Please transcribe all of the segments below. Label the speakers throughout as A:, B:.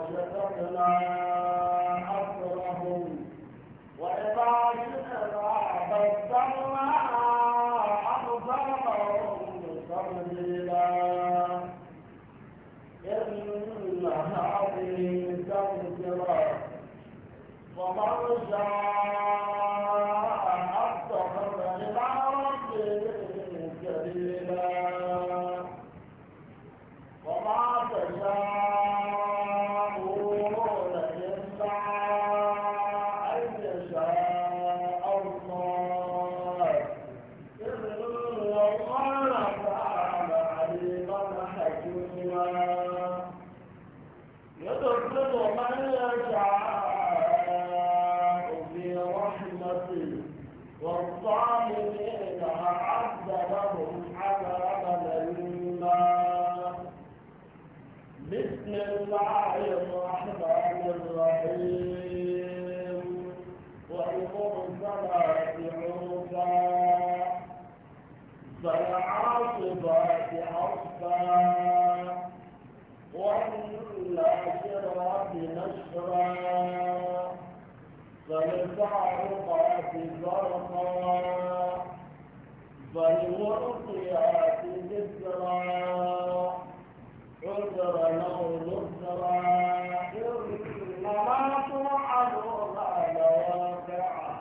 A: وشققنا أصرهم وإذا شئنا بدلنا أبصارهم تبديلا إن هذه تذكرة فمن شاء زرقاء فالورقيات عذرا او نذرا انما توعدون لواقع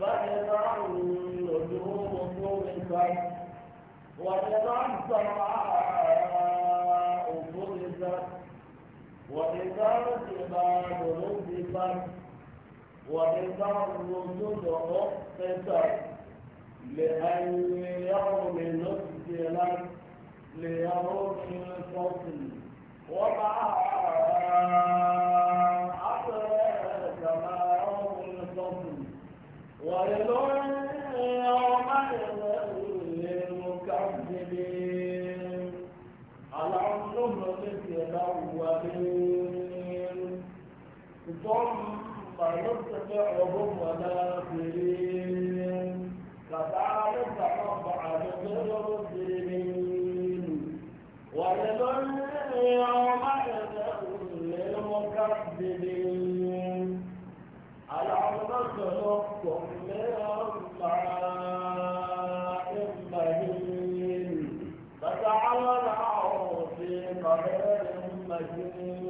A: فاذا النجوم طمست واذا السماء فرزت واذا الجبال نزفت وبقر الوجود قصر لأي يوم نزلت ليروح الفصل وما أدراك ما يوم الفصل ويل يومئذ للمكذبين ألم نهلك الأولين ثم فيمسك وهم ولاكرين كذلك نفعل بالمسلمين ويل يومئذ للمكذبين ألم نخلقكم من ماء مهين فجعلناه في قدر مهين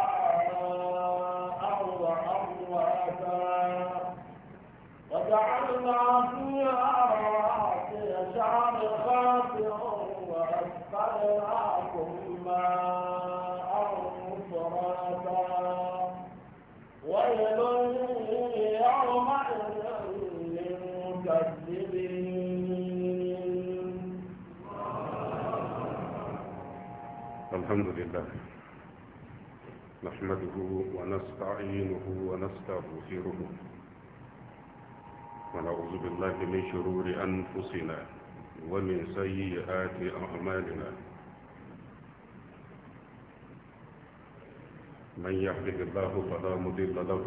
B: الحمد لله نحمده ونستعينه ونستغفره ونعوذ بالله من شرور أنفسنا ومن سيئات أعمالنا من يحبه الله فلا مضل له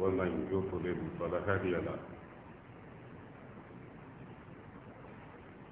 B: ومن يضلل فلا هادي له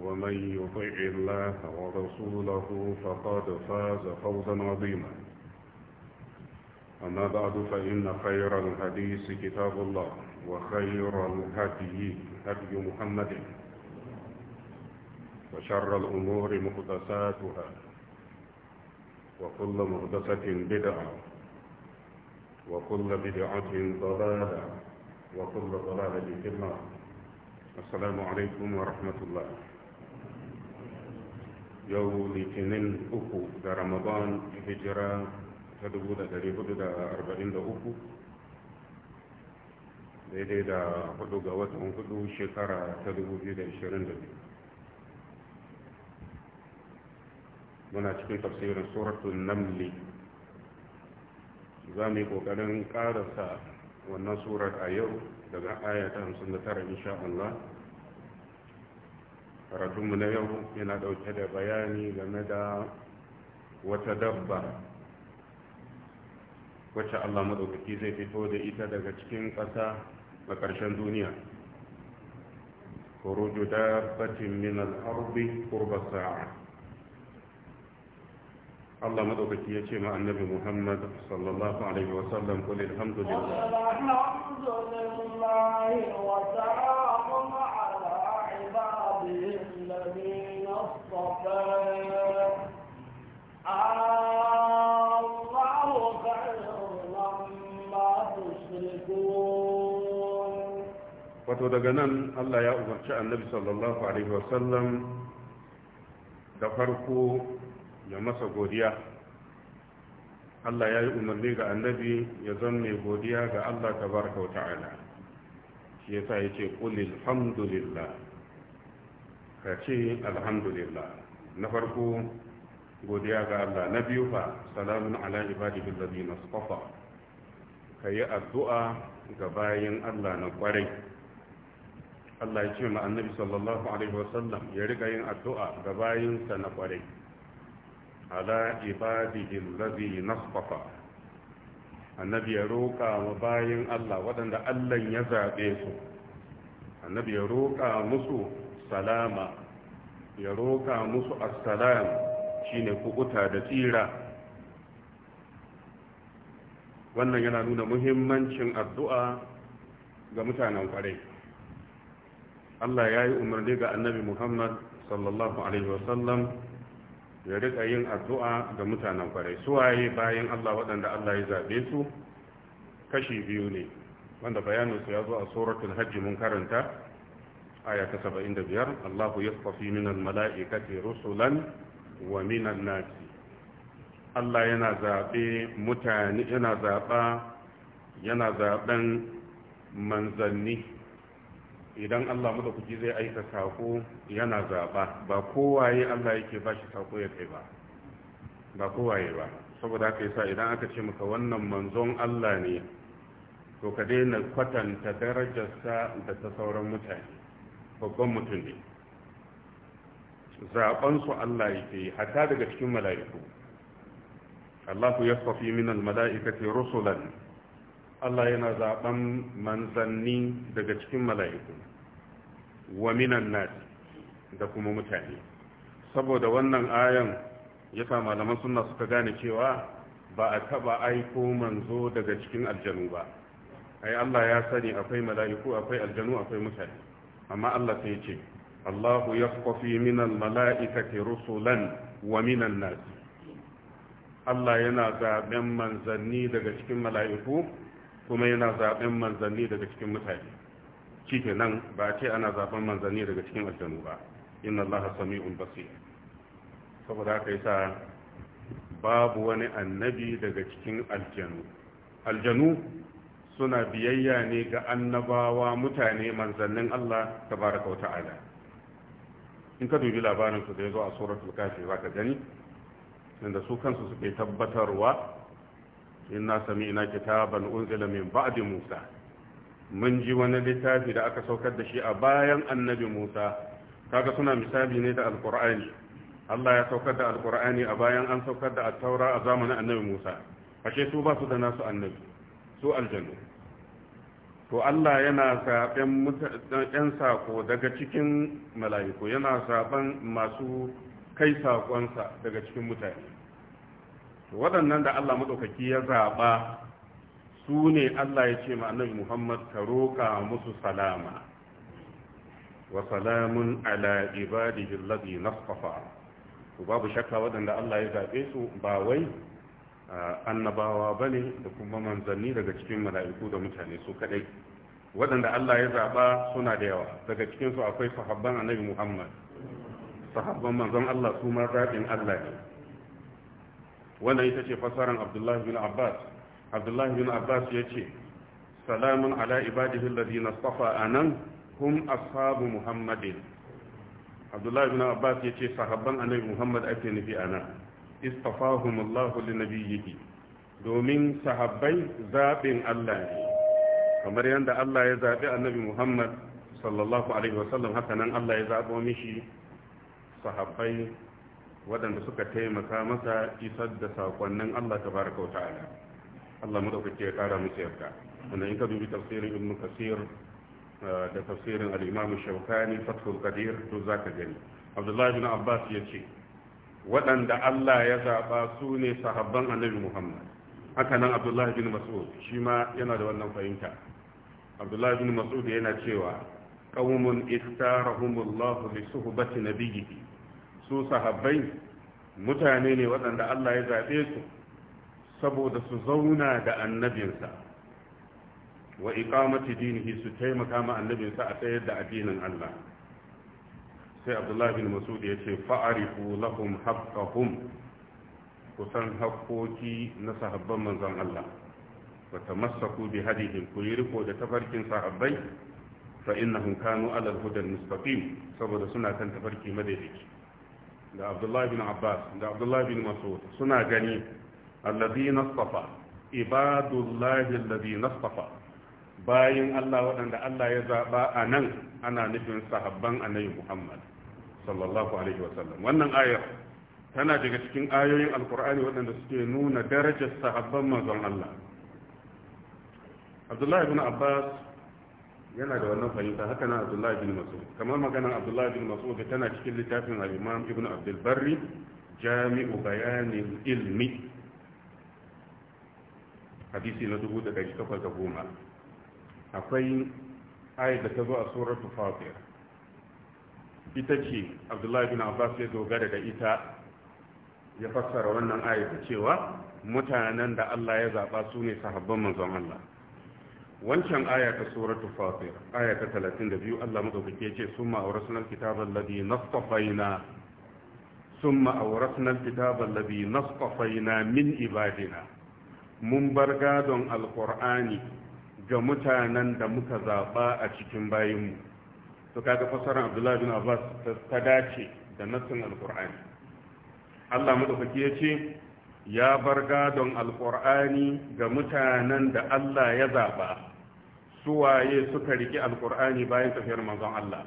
B: ومن يطع الله ورسوله فقد فاز فوزا عظيما أما بعد فإن خير الحديث كتاب الله وخير الهدي هدي محمد وشر الأمور مقدساتها وكل مقدسة بدعة وكل بدعة ضلالة وكل ضلالة في النار السلام عليكم ورحمة الله yau litinin uku da ramadan hijira ta uku, daidai da hudu ga watan hudu shekara ta 2022 muna cikin tafsirin suratun namli za mu yi ƙoƙarin ƙarasa wannan surar a yau daga ayata 59 insha Allah karatunmu na yau yana ɗauke da bayani game da wata dabba wacce allah maɗaukaki zai fito da ita daga cikin ƙasa a ƙarshen duniya kuruju dabbatin min al'arbi kurba sa'a allah maɗaukaki ya ce ma annabi muhammad sallallahu alaihi wasallam kulil hamdulillah wato daga nan Allah ya umarci annabi sallallahu alaihi wasallam da farko ya masa godiya Allah ya yi umarni ga annabi ya zan mai godiya ga Allah tabaraka wa ta'ala shi yasa yace qul alhamdulillah ka ce alhamdulillah na farko godiya ga Allah na biyu fa salamun ala ibadihi alladhina istafa kayi addu'a ga bayin Allah na kwarai Allah ya ce ma annabi sallallahu alaihi wasallam ya rika yin addu'a ga bayinsa na kwarai ala ibadihi alladhina istafa annabi ya roka wa bayin Allah waɗanda Allah ya zabe su annabi ya roka musu salama ya roƙa musu assalam shine kukuta da tsira wannan yana nuna muhimmancin addu'a ga mutanen kwarai Allah ya yi umarni ga annabi Muhammad sallallahu alaihi wasallam ya rika yin addu'a ga mutanen kwarai suwaye bayan Allah waɗanda Allah ya zaɓe su kashi biyu ne wanda bayaninsu ya zo a tsoratun hajji mun karanta aya ta 75 Allahu yastafi min mala'ikati rusulan wa minan nasi Allah yana zaɓe mutane yana zaɓa yana zaɓen manzanni idan Allah madaukaki zai aika sako yana zaɓa ba kowaye Allah yake ba shi sako ya kai ba ba kowaye ba saboda haka yasa idan aka ce maka wannan manzon Allah ne to ka daina kwatanta darajarsa da ta sauran mutane babban mutum ne zaɓansu Allah yake yi hatta daga cikin mala'iku Allah ya safi min al-mala'ikati rusulan Allah yana zaɓan manzanni daga cikin mala'iku wa minan nasi da kuma mutane saboda wannan ayan ya sa malaman suna suka gane cewa ba a taɓa aiko manzo daga cikin aljanu ba ai Allah ya sani akwai mala'iku akwai aljanu akwai mutane amma Allah sai ce Allahu ya yasqafi minal mala'ikati rusulan wa minan nasi. Allah yana zaɓen manzanni daga cikin mala'iku kuma yana zaɓen manzanni daga cikin mutane nan ba a ce ana zaben manzanni daga cikin aljanu ba inna Allah sami'un basir saboda haka yasa babu wani annabi daga cikin aljanu aljanu suna biyayya ne ga annabawa mutane manzannin Allah tabaraka wa ta'ala in ka dubi labarin su da yazo a suratul kafi zaka gani inda su kansu suke tabbatarwa inna sami'na kitaban unzila min ba'di Musa mun ji wani littafi da aka saukar da shi a bayan annabi Musa kaga suna misali ne da alqur'ani Allah ya saukar da alqur'ani a bayan an saukar da at-taura a zamanin annabi Musa ashe su ba su da nasu annabi su aljanu to Allah yana zaɓen ɗan saƙo daga cikin mala'iku yana zaɓen masu kai saƙonsa daga cikin mutane waɗannan da Allah maɗaukaki ya zaɓa su ne Allah ya ce annabi Muhammad ka roƙa musu salama wa salamun ala ibadihi allazi nasafa to babu shakka waɗanda Allah ya zaɓe su ba wai annabawa ne da kuma manzanni daga cikin mala'iku da mutane su kadai waɗanda Allah ya zaɓa suna da yawa daga cikinsu akwai sahabban annabi Muhammad sahabban manzon Allah su ma Allah ne wannan ita ce fasaran Abdullahi bin Abbas Abdullahi bin Abbas ya ce salamun ala ibadihi alladhina safa nan kun ashabu Muhammadin Abdullahi bin Abbas ya ce sahabban annabi Muhammad ake nufi a nan. istafahum Allah li nabiyyihi domin sahabbai zaɓin Allah ne kamar yadda Allah ya zaɓi annabi Muhammad sallallahu alaihi wasallam haka nan Allah ya zaɓo mishi sahabbai waɗanda suka taimaka masa isar da sakonnin Allah bar wa ta'ala Allah madaukake ya kara musu yarda wannan in ka dubi tafsirin Ibn Kasir uh, da tafsirin al-Imam Shawkani Fathul Qadir to zaka gani abdullahi ibn Abbas yace waɗanda Allah ya zaɓa su ne sahabban annabi Muhammad haka nan Abdullah bin Mas'ud shi ma yana da wannan fahimta Abdullah bin Mas'ud yana cewa qaumun ikhtarahumullahu li suhbati nabiyhi su sahabbai mutane ne waɗanda Allah ya zaɓe su saboda su zauna da annabinsa wa iqamati dinihi su taimaka ma annabinsa a tsayar da addinin Allah sai abdullahi bin masud ya ce fa'arifu lahum haqqahum kusan hakkoki na sahabban manzon Allah wa tamassaku bi hadihim ku yi riko da tafarkin sahabbai fa innahum kanu ala al-huda mustaqim saboda suna kan tafarki madaidaici da abdullahi bin abbas da abdullahi bin masud suna gani alladhina istafa ibadullahi alladhina istafa bayin Allah waɗanda Allah ya zaɓa a nan ana nufin sahabban annabi Muhammad sallallahu alaihi wasallam wannan ayar tana daga cikin ayoyin alkur'ani waɗanda suke nuna darajar sahabban manzon Allah Abdullahi ibn Abbas yana da wannan fahimta haka nan Abdullahi ibn Mas'ud kamar magana Abdullahi ibn Mas'ud tana cikin littafin al-Imam Ibn Abdul Barri Jami'u Bayanil Ilmi hadisi na 1810 akwai ayat da ta zo a suratu fatir ita ce abdullahi bin abbas ya dogara da ita ya fassara wannan ayat da cewa mutanen da Allah ya zaɓa su ne sahabban manzon Allah wancan aya ta suratu fatir aya ta 32 Allah madaukake ya ce summa awrasna alkitaba alladhi nastafaina summa awrasna alkitaba alladhi nastafaina min ibadina mun bar gadon alqur'ani ga mutanen da muka zaɓa a cikin bayinmu to kaga fasaran abdullahi bin abbas ta dace da nassin alkur'ani allah maɗaukaki ya ce ya bar gadon alkur'ani ga mutanen da allah ya zaɓa suwaye suka riƙe alkur'ani bayan tafiyar manzon allah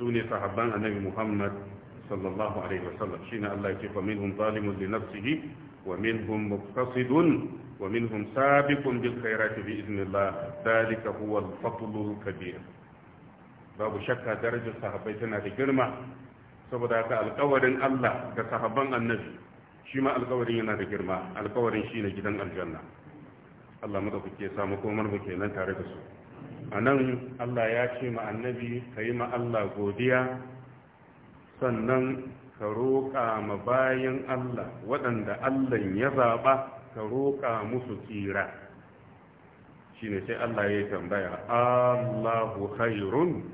B: su ne sahabban annabi muhammad sallallahu alaihi wasallam shine allah ya ce fa minhum zalimun li nafsihi wa minhum muqtasidun ومنهم سابق بالخيرات بإذن الله ذلك هو الفضل الكبير باب شكا درجة صحابتنا لجرمة saboda haka alkawarin Allah ga sahabban annabi shi ma alkawarin yana da girma alkawarin shi ne gidan aljanna Allah mu kuke samu komar mu kenan tare da su a nan Allah ya ce ma annabi ka yi ma Allah godiya sannan ka roƙa ma bayan Allah waɗanda Allah ya zaɓa ka roƙa musu tsira shine sai Allah ya tambaya Allahu khairun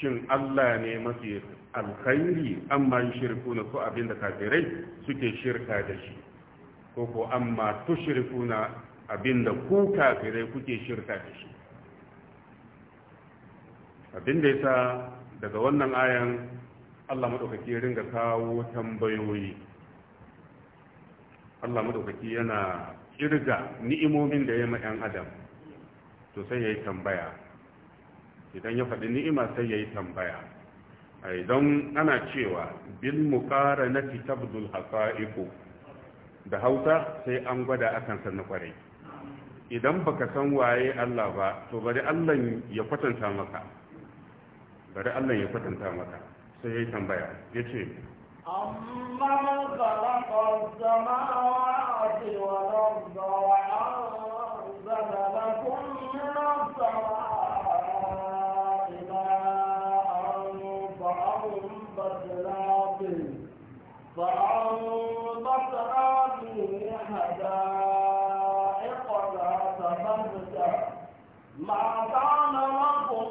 B: shin Allah ne mafi alkhairi amma yushrikuna ko abinda kafirai suke shirka da shi ko ko amma tushrikuna abinda ku kafirai kuke shirka da shi abinda yasa daga wannan ayan Allah madaukake ringa kawo tambayoyi Allah madaukaki yana kirga ni'imomin da ya ma ɗan adam to sai ya yi tambaya idan ya faɗi ni'ima sai ya yi tambaya idan ana cewa bil muƙara na fitabdul hasa'iku da hausa sai an gwada akan sannu kwarai idan baka san waye Allah ba to bari Allah ya kwatanta maka bari Allah ya kwatanta maka sai ya yi tambaya ya ce
A: أمن خلق السماوات والأرض وأنزل لكم من السماء ماء فأنبتنا به فأنبتنا به حدائق ذات بهجة ما كان لكم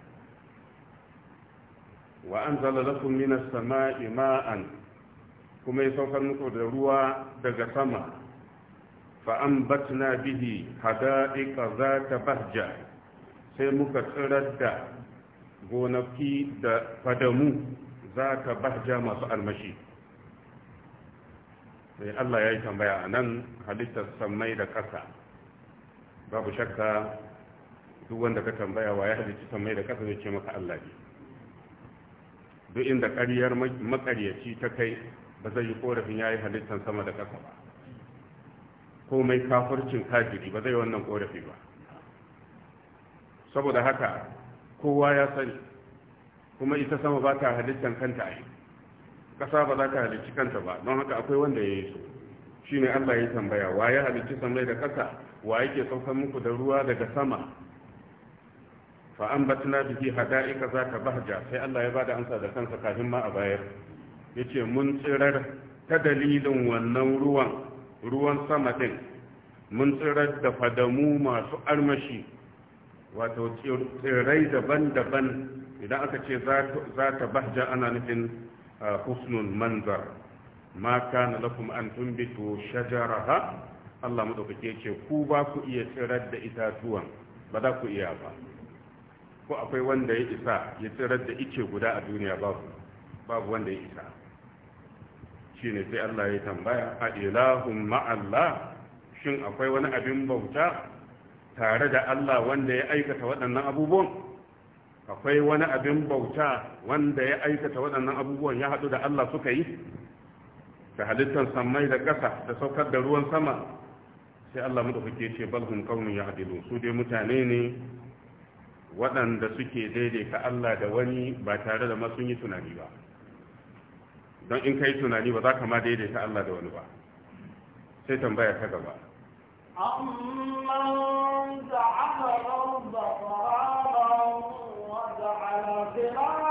B: wa an lakum minas sama'i ma'an kuma ya saukar muku da ruwa daga sama fa fa'ambatna bihi hada'iqa zata bahja sai muka tsirar da gonaki da fadamu zata bahja masu almashi sai Allah ya yi tambaya a nan halittar samai da ƙasa babu shakka duk wanda ka tambaya wa ya halitta samai da ƙasa zai ce maka Allah ne duk inda ƙaryar makaryaci ta kai ba zai yi korafin ya yi halittar sama da ƙasa ba komai kafircin kajiri ba zai wannan korafi ba saboda haka kowa ya sani kuma ita sama ba ta halittar kanta a yi ƙasa ba za ta halicci kanta ba don haka akwai wanda ya yi su shi ne allah ya tambaya wa ya halicci sama da ƙasa wa yake saukan muku da ruwa daga sama fa hada bihi hada'ika zata bahja sai Allah ya bada amsa da kansa kafin ma a bayar yace mun tsirar ta dalilin wannan ruwan ruwan sama din mun tsirar da fadamu masu armashi wato tsirai daban-daban idan aka ce za ta bahja ana nufin husnul manzar ma kana lakum an tumbitu shajaraha Allah madaukake ce ku ba ku iya tsirar da itatuwan ba za ku iya ba ko akwai wanda ya isa ya tsirar da ice guda a duniya babu babu wanda ya isa shi ne sai Allah ya tambaya a ilahun ma'allah shin akwai wani abin bauta tare da Allah wanda ya aikata waɗannan abubuwan akwai wani abin bauta wanda ya aikata waɗannan abubuwan ya haɗu da Allah suka yi da halittar sammai da ƙasa da saukar da ruwan sama sai Allah mu ce bal kaunin ya ya'dilun su dai mutane ne waɗanda suke daidaita Allah da wani ba tare da masu yi tunani ba don in ka yi tunani ba za ka ma daidaita Allah da wani ba sai tambaya ta gaba
A: amman da aka rarraba wa da alaƙirar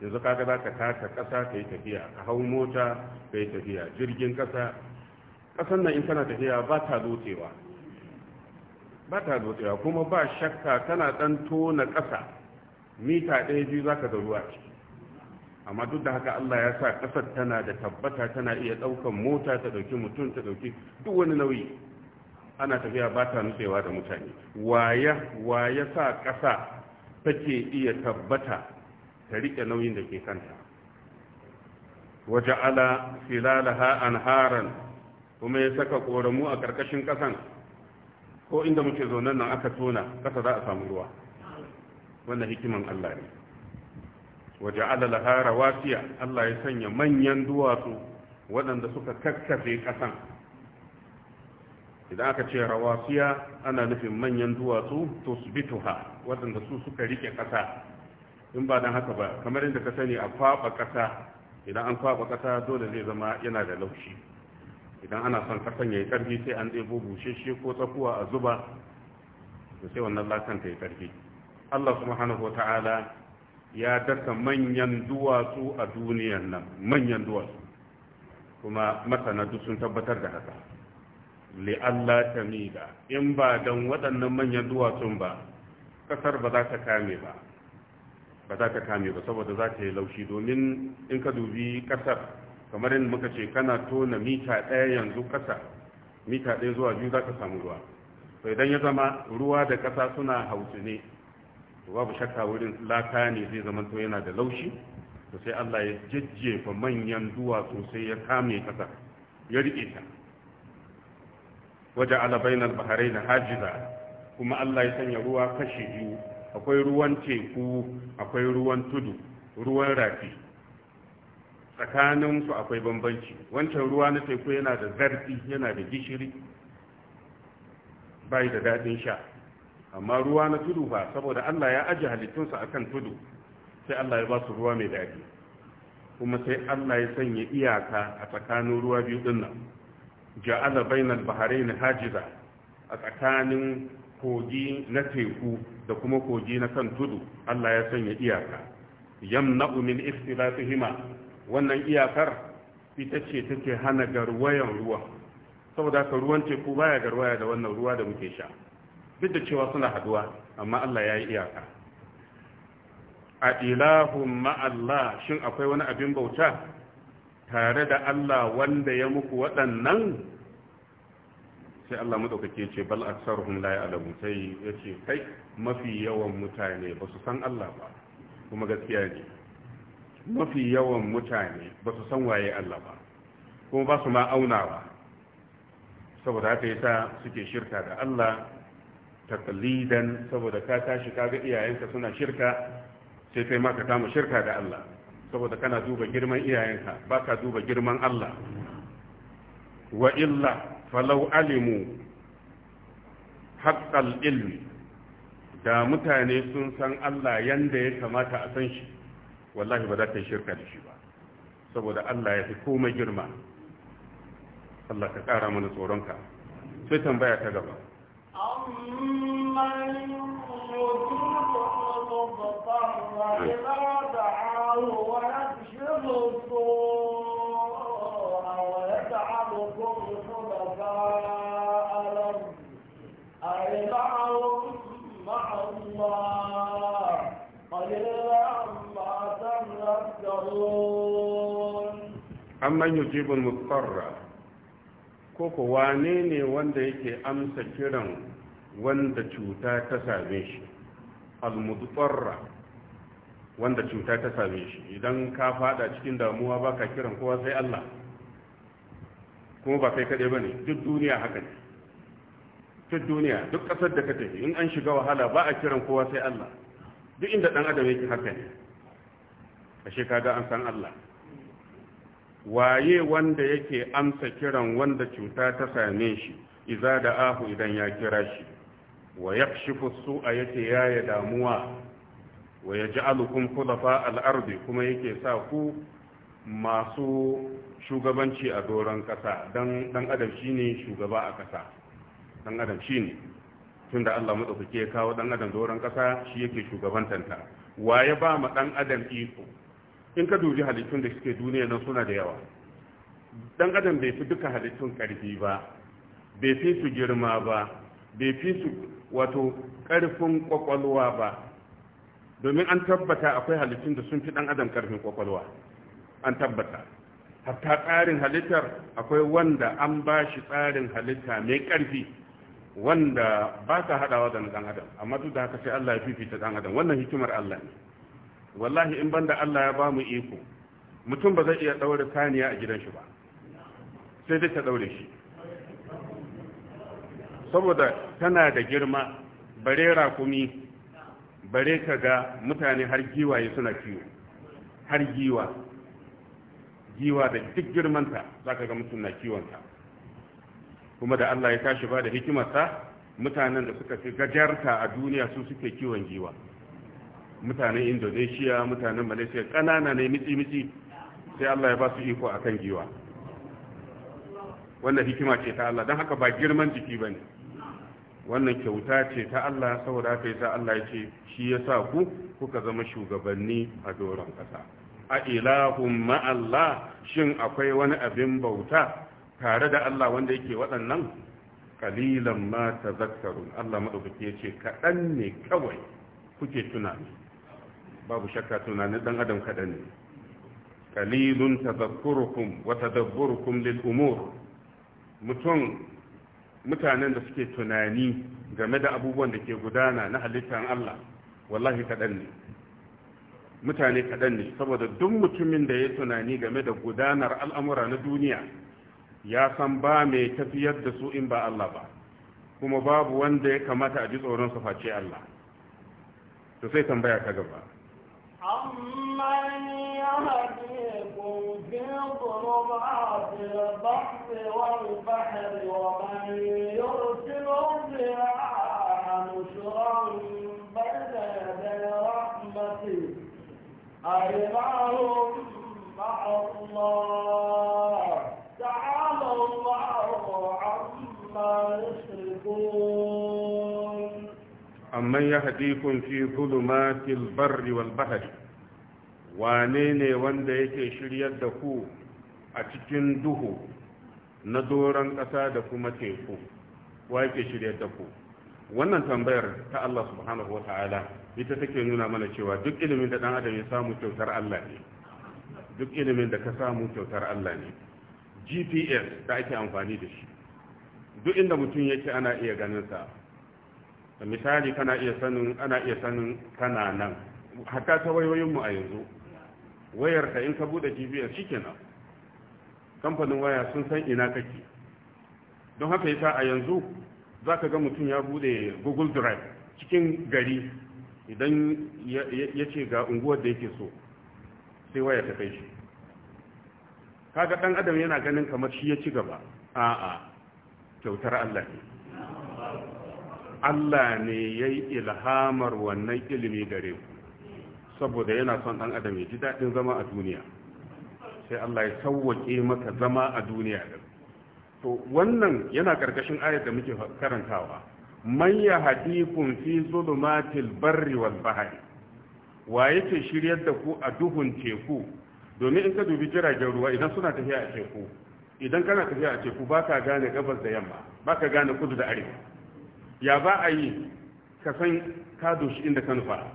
B: yanzu kaga za ka taka ƙasa ka yi tafiya ka hau mota ka yi tafiya jirgin ƙasa ƙasan nan in kana tafiya ba ta dotewa ba ta dotewa kuma ba shakka tana ɗan tona ƙasa mita ɗaya biyu za ka zaru a ciki amma duk da haka Allah ya sa ƙasar tana da tabbata tana iya ɗaukan mota ta ɗauki mutum ta ɗauki duk wani nauyi ana tafiya ba ta nutsewa da mutane waya waya sa ƙasa take iya tabbata ta riƙe nauyin da ke kanta waje ala filalaha anharan kuma ya saka ƙoramu a karkashin kasan ko inda muke zaunan nan aka tona kasa za a samu ruwa wannan hikiman Allah ne waje ala lahara wasiya Allah ya sanya manyan duwatsu waɗanda suka kakkafe kasan idan aka ce rawasiya ana nufin manyan duwatsu to su bituha waɗanda su suka riƙe ƙasa in ba dan haka ba kamar yadda ka sani a faɓa ƙasa idan an faɓa ƙasa dole zai zama yana da laushi idan ana son ƙasan ya yi ƙarfi sai an ɗebo busheshe ko tsakuwa a zuba da sai wannan lakan ta yi ƙarfi Allah subhanahu ta'ala ya daka manyan duwatsu a duniyan nan manyan duwatsu kuma masana duk sun tabbatar da haka li'alla tamida in ba dan waɗannan manyan duwatsun ba ƙasar ba za ta kame ba ba za ka kame ba saboda za ka yi laushi domin in ka dubi kasar kamar yadda muka ce kana tona mita ɗaya yanzu kasa mita ɗaya zuwa biyu za ka samu ruwa to idan ya zama ruwa da ƙasa suna hautu ne to babu shakka wurin laka ne zai zama to yana da laushi to sai Allah ya jajjefa manyan duwatsu sai ya kame kasa ya riƙe ta waje alabainal baharai da hajiza kuma Allah ya sanya ruwa kashi biyu akwai ruwan teku akwai ruwan tudu ruwan rafi tsakaninsu akwai bambanci wancan ruwa na teku yana da zarfi yana da gishiri bai da daɗin sha amma ruwa na tudu ba saboda allah ya aji halittunsa akan tudu sai allah ya ba su ruwa mai daɗi kuma sai allah ya sanya iyaka a tsakanin ruwa biyu ɗin nan ja'ala bainal bahrain hajiza a tsakanin kogi na teku da kuma kogi na kan tudu Allah ya sanya iyaka yamna'u min ikhtilafihima wannan iyakar ita ce take hana garwayan ruwa saboda ka ruwan teku baya garwaya da wannan ruwa da muke sha duk da cewa suna haduwa amma Allah ya yi iyaka a ilahun ma'allah shin akwai wani abin bauta tare da Allah wanda ya muku waɗannan sai Allah madaukake ce bal aksaruhum la ya'lamu sai yace kai mafi yawan mutane ba su san Allah ba kuma gaskiya ne mafi yawan mutane ba su san waye Allah ba kuma ba su ma aunawa saboda haka yasa suke shirka da Allah taqlidan saboda ka tashi kaga iyayenka suna shirka sai kai ma ka kama shirka da Allah saboda kana duba girman iyayenka baka zuba duba girman Allah wa illa falau alimu haƙƙal ilmi da mutane sun san Allah yadda ya kamata a san shi wallahi ba za ta yi shirka da shi ba saboda Allah ya fi komai girma Allah ka ƙara mana tsoronka sai tambaya ta gaba
A: Thank you. an
B: man yi amman mutarra ko ko wane ne wanda yake amsa kiran wanda cuta ta same shi al mutarra wanda cuta ta same shi idan ka fada cikin damuwa baka kiran kowa sai Allah kuma ba kai kadai bane duk duniya haka ne duk duniya duk kasar da ka tafi in an shiga wahala ba a kiran kowa sai Allah duk inda dan adam yake haka ne ashe kaga an san Allah waye wanda yake amsa kiran wanda cuta ta same shi iza da ahu idan ya kira shi wa yakshifu su'a yake yaya damuwa wa yaj'alukum khulafa al-ardi kuma yake sa ku masu shugabanci a doron kasa dan dan adam shine shugaba a kasa dan adam shine tunda Allah madaukake ya kawo dan adam doron kasa shi yake shugabantanta wa ya ba ma dan adam iko in ka dubi halittun da suke duniya nan suna da yawa dan adam bai fi duka halittun karfi ba bai fi su girma ba bai fi su wato karfin kwakwalwa ba domin an tabbata akwai halittun da sun fi dan adam karfin kwakwalwa an tabbata hatta tsarin halittar akwai wanda an ba shi tsarin halitta mai karfi wanda ba ta haɗawa da ɗan adam amma duk da haka sai Allah ya fifita ɗan adam wannan hikimar Allah ne wallahi in banda Allah ya bamu mu iko mutum ba zai iya ɗaure saniya a gidan shi ba sai dai ta ɗaure shi saboda tana da girma bare rakumi bare ka ga mutane har giwaye suna kiwo har giwa giwa da duk girmanta za ka ga mutum na kiwonta kuma da Allah ya tashi ba da hikimarsa mutanen da suka fi gajarta a duniya su suke kiwon giwa mutanen indonesia mutanen malaysia ƙanana ne mitsi-mitsi sai Allah ya ba su iko a kan giwa wannan hikima ce ta Allah don haka ba girman jiki ba ne wannan kyauta ce ta Allah saboda haka yasa Allah ya ce shi ya sa ku kuka zama shugabanni a doron ƙasa a ilahun ma'alla shin akwai wani abin bauta tare da Allah wanda yake waɗannan kalilan ma tazakkarun Allah ya ce kaɗan ne kawai kuke tunani babu shakka tunanin ɗan adam kaɗan ne kalilun zakurukun wata tadabburukum lil umur mutum mutanen da suke tunani game da abubuwan da ke gudana na halittar Allah wallahi kaɗan ne mutane kaɗan ne saboda duk mutumin da ya tunani game da gudanar al'amura na duniya ya san ba mai tafiyar da su in ba Allah ba kuma babu wanda ya kamata a ji tsoron sa face Allah to sai tambaya ta gaba
A: amman yahdikum fi dhulumati al-bahri wal bahri wa man yursilu riyaha nushran bayna yaday rahmatihi أرضاهم مع الله تعالى
B: amman ya haɗi fi zulumatil barri wal bahar wane ne wanda yake shiryar da ku a cikin duhu na doron ƙasa da kuma teku wa yake shiryar da ku wannan tambayar ta Allah subhanahu wa ta'ala ita take nuna mana cewa duk ilimin da ɗan adam ya samu kyautar Allah ne duk ilimin da ka samu kyautar Allah ne GPS da ake amfani da shi duk inda mutum yake ana iya ganin sa misali kana iya sanin ana iya sanin kana nan hatta ta wayoyin a yanzu wayar ka in ka bude GPS shikenan kamfanin waya sun san ina kake don haka yasa a yanzu za ka ga mutum ya bude Google Drive cikin gari idan ya ce ga unguwar da yake so sai waya ta kai shi kaga dan adam yana ganin kamar shi ya ci gaba a'a kyautar Allah ne Allah ne ya yi ilhamar wannan ilimi gare ku saboda yana son ɗan adam ya ji daɗin zama a duniya sai Allah ya sauwaƙe maka zama a duniya da to wannan yana ƙarƙashin ayar da muke karantawa man ya hadikun fi zulumatil barri wal bahari wa yake shiryar da ku a duhun teku domin in ka dubi jiragen ruwa idan suna tafiya a teku idan kana tafiya a teku ba ka gane gabas da yamma ba ka gane kudu da arewa ya ba a yi ka san ka doshi inda ka nufa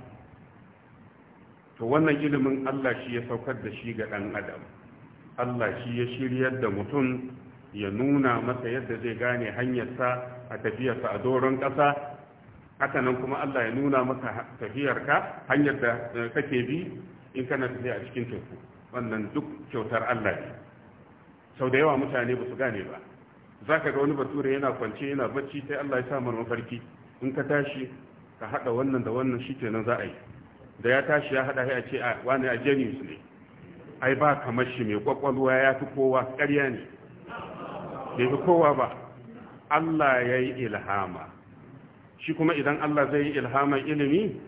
B: to wannan ilimin allah shi ya saukar da shi ga dan adam allah shi ya shiryar da mutum ya nuna masa yadda zai gane hanyarsa a tafiyarsa a doron ƙasa haka nan kuma allah ya nuna maka tafiyarka hanyar da kake bi in kana tafiya a cikin teku wannan duk kyautar allah ne sau da yawa mutane ba su gane ba za ka ga wani bature yana kwance yana bacci sai allah ya sa samar mafarki in ka tashi ka haɗa wannan da wannan shi kenan za a yi da ya tashi ya haɗa a ce a wani a genius ne ai ba kamar shi mai kwakwalwa ya fi kowa ƙarya ne bai fi kowa ba allah ya yi ilhama shi kuma idan allah zai yi ilhaman ilimi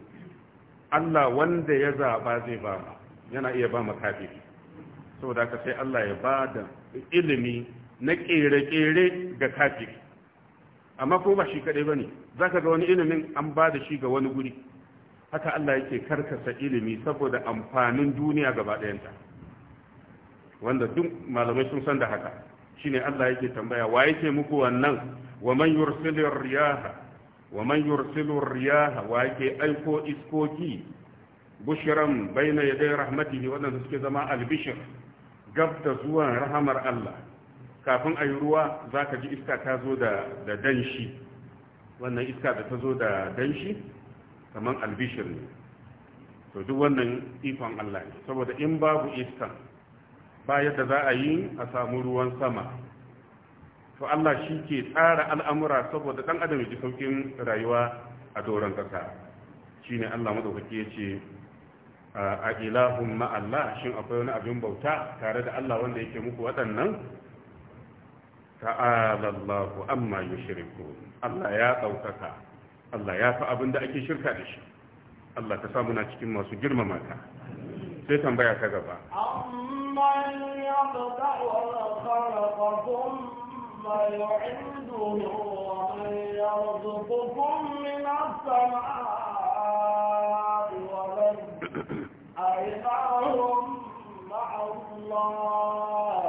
B: allah wanda ya zaɓa zai ba yana iya ba makafiri saboda ka sai allah ya ba da ilimi na ƙere-ƙere ga kafi amma ko ba shi kaɗai ba ne za ka ga wani ilimin an ba da shi ga wani guri haka Allah yake karkasa ilimi saboda amfanin duniya gaba ɗayanta wanda duk malamai sun san da haka shine Allah yake tambaya wa yake muku wannan wa man yursilu riyaha wa man yursilu riyaha wa yake aiko iskoki bushran bayna yaday rahmatihi waɗanda suke zama albishir gab da zuwan rahamar Allah kafin a yi ruwa za ka ji iska ta zo da danshi wannan iska da ta zo da danshi kamar albishir ne to duk wannan ikon Allah ne saboda in babu iska ba yadda za a yi a samu ruwan sama to Allah shi ke tsara al'amura saboda ɗan adam ya ji saukin rayuwa a doron ƙasa shi ne Allah maɗaukaki ya ce a ilahun ma'allah shin akwai wani abin bauta tare da Allah wanda yake muku waɗannan ta'alallahu amma shirku Allah ya ɗaukaka Allah ya fi abin da ake shirka da shi Allah ka samu na cikin masu girmama ka sai tambaya ta gaba
A: amman yaqta'u al-khalaqa thumma yu'iduhu wa أيقاهم مع الله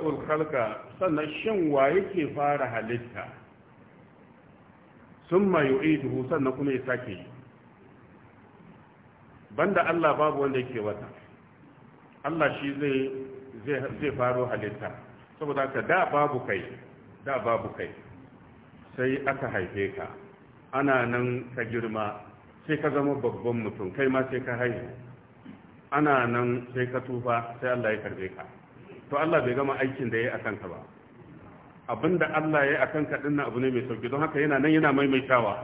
B: ulkalka sannan shin wa yake fara halitta sun mayu sannan kuma ya sake banda allah babu wanda ke wata allah shi zai faro halitta saboda ka da babu kai da babu kai sai aka haife ka ana nan ka girma sai ka zama babban mutum kai ma sai ka haihu ana nan sai ka tufa sai Allah ya karbe ka to Allah bai gama aikin da ya yi a kanka ba abinda Allah ya yi a kanka dinnan abu ne mai sauki don haka yana nan yana maimaitawa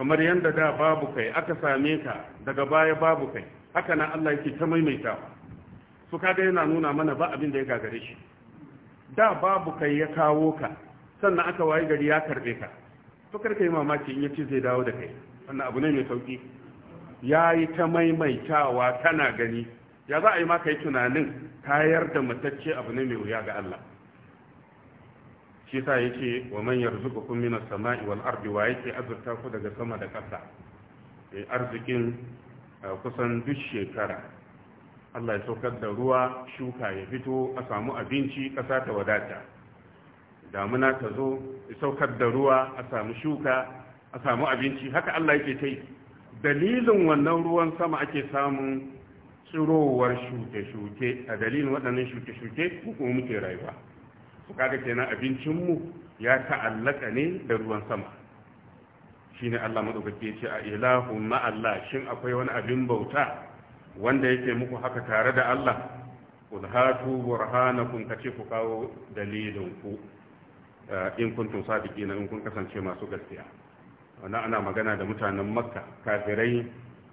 B: kamar yadda da babu kai aka same ka daga baya babu kai haka nan Allah yake ta maimaitawa su kaga yana nuna mana ba abin da ya gagare shi da babu kai ya kawo ka sannan aka waye gari ya karbe ka to kar ka yi mamaki in yace zai dawo da kai wannan abu ne mai sauki yayi ta maimaitawa kana gani ya za a yi maka yi tunanin tayar da matacce abu ne mai wuya ga Allah shi sa ya wa man yarzuqukum min samai wal ardi wa yake azurta daga sama da ƙasa eh, arzikin eh, kusan duk shekara Allah ya saukar da ruwa shuka ya fito a samu abinci ƙasa ta wadata damuna ta zo ya saukar da ruwa a samu shuka a samu abinci haka Allah yake ta yi dalilin wannan ruwan sama ake samun tsirowar shuke-shuke a dalilin waɗannan shuke-shuke ko kuma muke rayuwa su kaga kenan abincinmu ya ta'allaka ne da ruwan sama shine Allah madaukake ce a ilahu ma Allah shin akwai wani abin bauta wanda yake muku haka tare da Allah kun hatu burhanakum kace ku kawo dalilin ku eh, in kuntum na in kun kasance masu gaskiya wannan ana magana da mutanen makka kafirai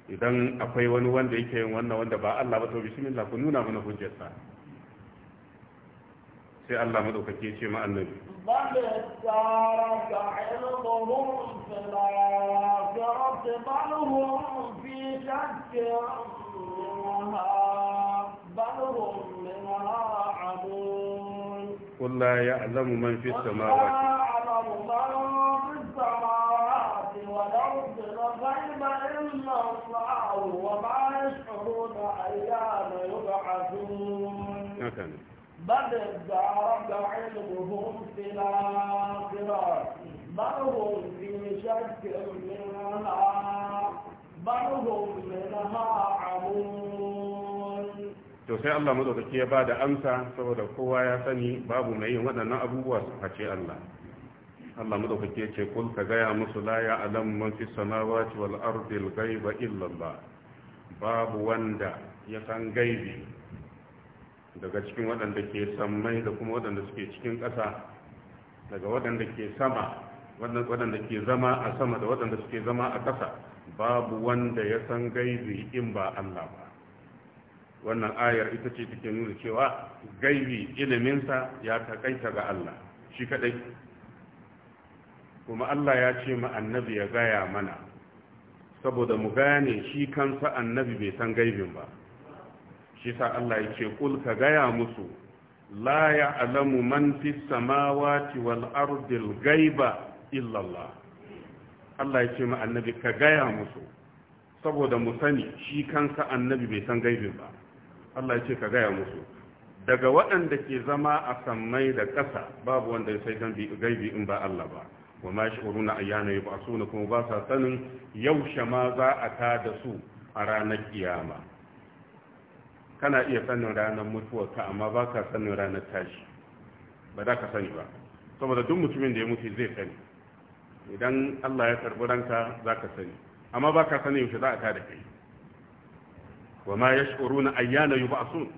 B: idan akwai wani wanda yake yin wannan wanda ba Allah ba to bismillah ku nuna mana hujjarsa sai Allah madaukake ce ma annabi
A: bal منها بل منها عمون
B: قل لا يعلم من في السماوات
A: يعلم من في السماوات والأرض الغيب إلا الله وما يشعرون أيام يبعثون بل ادارك علمهم في الآخرة بل هم في شك منها
B: to sai Allah madaukaki ya bada amsa saboda kowa ya sani babu mai yin waɗannan abubuwa su face Allah Allah madaukaki ke ce kul ka gaya musu la ya alam man fi samawati wal ardi al ghaiba illa Allah babu wanda ya san gaibi daga cikin waɗanda ke sammai da kuma waɗanda suke cikin ƙasa daga waɗanda ke sama waɗanda ke zama a sama da waɗanda suke zama a ƙasa babu wanda ya san gaibi in ba Allah ba wannan ayar ita ce take nuna cewa gaibi iliminsa ya takaita ga Allah shi kadai kuma Allah ya ce ma annabi ya gaya mana saboda mu gane shi kansa annabi bai san gaibin ba shi sa Allah ya ce kul ka gaya musu la alamu man fis samawati wal ardi al illa Allah Allah ya ce ma annabi ka gaya musu saboda mu sani shi kansa annabi bai san gaibin ba Allah ya ce ka gaya musu daga waɗanda ke zama a sammai da ƙasa babu wanda ya sai gaibi in ba Allah ba wa ma shi uruna ayyana na kuma ba sa sanin yaushe ma za a ta da su a ranar kiyama kana iya sanin ranar ka amma ba ka sanin ranar tashi ba za ka sani ba saboda duk mutumin da ya mutu zai sani idan Allah ya karbi ranka za ka sani amma ba ka sani yaushe za a ta da kai wa ma ya shuru na ayyana yi ba sun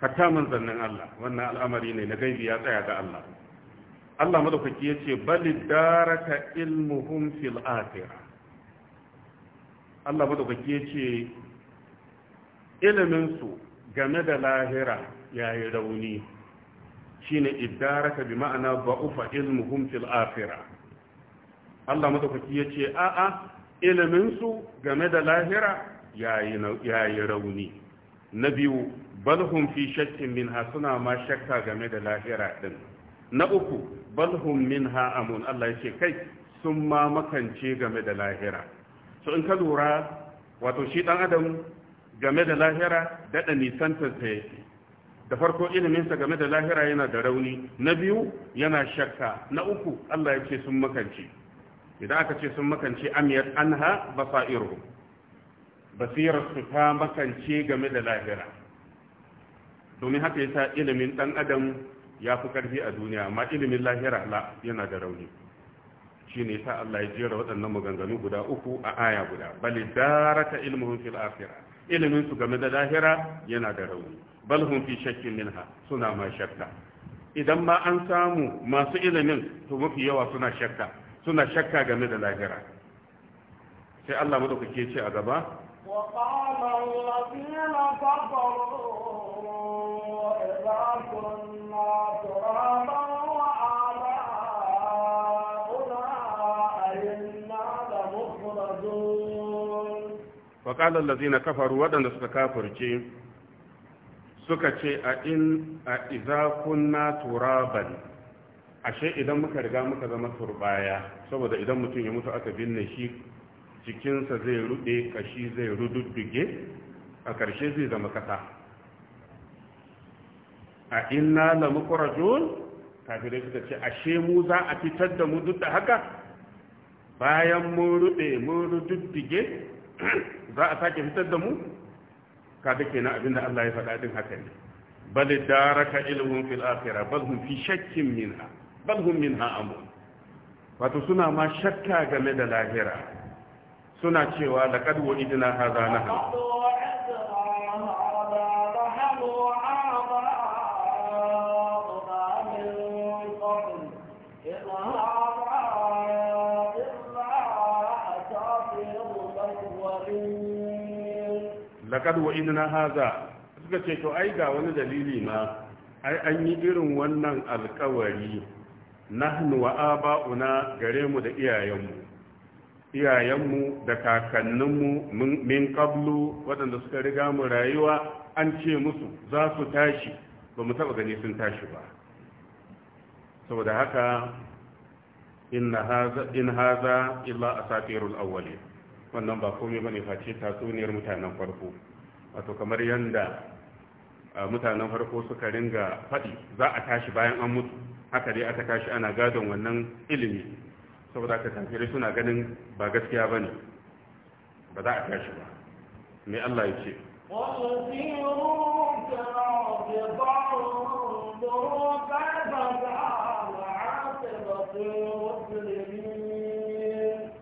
B: hatta manzannin Allah wannan al'amari ne na gaibi ya tsaya ga Allah Allah madaukaki ya ce bali daraka ilmuhum fil akhirah Allah madaukaki ya ce ilimin su game da lahira yayi rauni shine idaraka bi ma'ana ba'ufa ilmuhum fil akhirah Allah madaukaki ya ce a'a iliminsu game da lahira ya yi rauni na biyu balhun fi shakkin min ha suna ma shakka game da lahira din na uku balhun min ha amun Allah ya ce kai sun ma makance game da lahira so in ka lura wato shi dan adam game da lahira daɗa ta yake da farko iliminsa game da lahira yana da rauni na biyu yana shakka na uku Allah ya ce sun makance idan aka ce sun makance amiyar anha basairu basirar su ta makance game da lahira domin haka yasa ilimin ɗan adam ya fi karfi a duniya amma ilimin lahira la yana da rauni shine yasa Allah ya jera waɗannan maganganu guda uku a aya guda bal daraka ilmuhum fil akhirah ilimin su game da lahira yana da rauni bal hum fi shakkin minha suna ma shakka idan ma an samu masu ilimin to mafi yawa suna shakka suna shakka game da lahira sai Allah madaukake ce a gaba وقال الذين كفروا إذا كنا ترابا ودن suka ce a in a turaban ashe idan muka riga muka zama turbaya saboda idan mutum ya mutu aka binne shi cikinsa zai rude kashi zai rududduge a ƙarshe zai zama kasa a inna la muqrajun kafirai suka ce ashe mu za a fitar da mu duk da haka bayan mu rude mu rududduge za a sake fitar da mu kaga kenan abinda Allah ya faɗa din haka ne bal daraka ilmun fil akhirah bal hum fi shakkin minha bal hum minha amun wato suna ma shakka game da lahira suna cewa laqad wa'idna hadha nahnu laqad wa'idna hadha suka ce to ai ga wani dalili ma ai an yi irin wannan alkawari nahnu wa aba'una gare mu da iyayenmu iyayenmu da kakanninmu min qablu waɗanda suka riga mu rayuwa an ce musu za su tashi ba mu taɓa gani sun tashi ba saboda haka in haza illa asatirul awwalin wannan ba komai bane face tatsuniyar mutanen farko wato kamar yanda mutanen farko suka ringa faɗi za a tashi bayan an mutu haka dai aka tashi ana gadon wannan ilimi saboda aka tafiye suna ganin ba gaskiya ba ne ba za a tashi ba mai Allah ya ce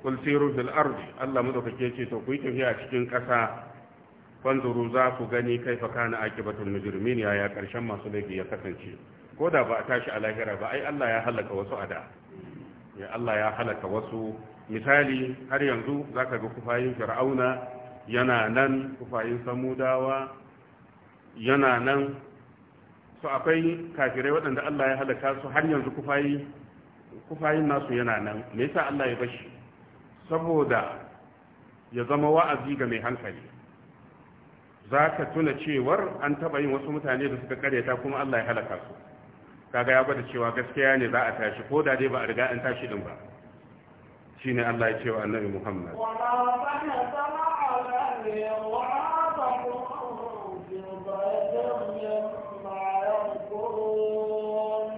B: kul siru fil ardi Allah madaukake ce to ku yi tafiya cikin ƙasa kwanzuru za ku gani kaifa kana akibatul mujrimin yaya karshen masu laifi ya kasance ko da ba a tashi a lahira ba ai Allah ya halaka wasu a da ya Allah ya halaka wasu misali har yanzu zaka ga kufayin fir'auna yana nan kufayin samudawa yana nan su akwai kafirai waɗanda Allah ya halaka su har yanzu kufayi kufayin nasu yana nan me yasa Allah ya bashi saboda ya zama wa'azi ga mai hankali za ka tuna cewar an taɓa yin wasu mutane da suka karyata kuma Allah ya halaka su kaga ya gwada cewa gaskiya ne za a tashi ko da dai ba a riga an tashi din ba shine Allah ya ce wa annabi Muhammad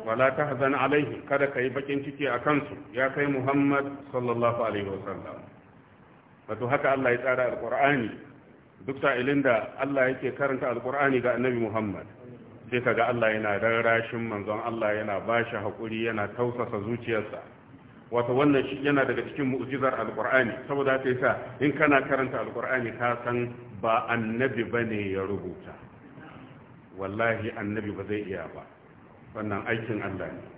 B: wala tahzan alaihi kada kai bakin ciki a kansu ya kai Muhammad sallallahu alaihi wasallam wato haka Allah ya tsara alqur'ani duk ta ilinda Allah yake karanta alqur'ani ga annabi Muhammad sai kaga Allah yana rarrashin manzon Allah yana bashi hakuri yana tausasa zuciyarsa wata wannan yana daga cikin mu'jizar Alƙur'ani, saboda ta sa in kana karanta Alƙur'ani ka san ba annabi ne ya rubuta wallahi annabi ba zai iya ba wannan aikin Allah ne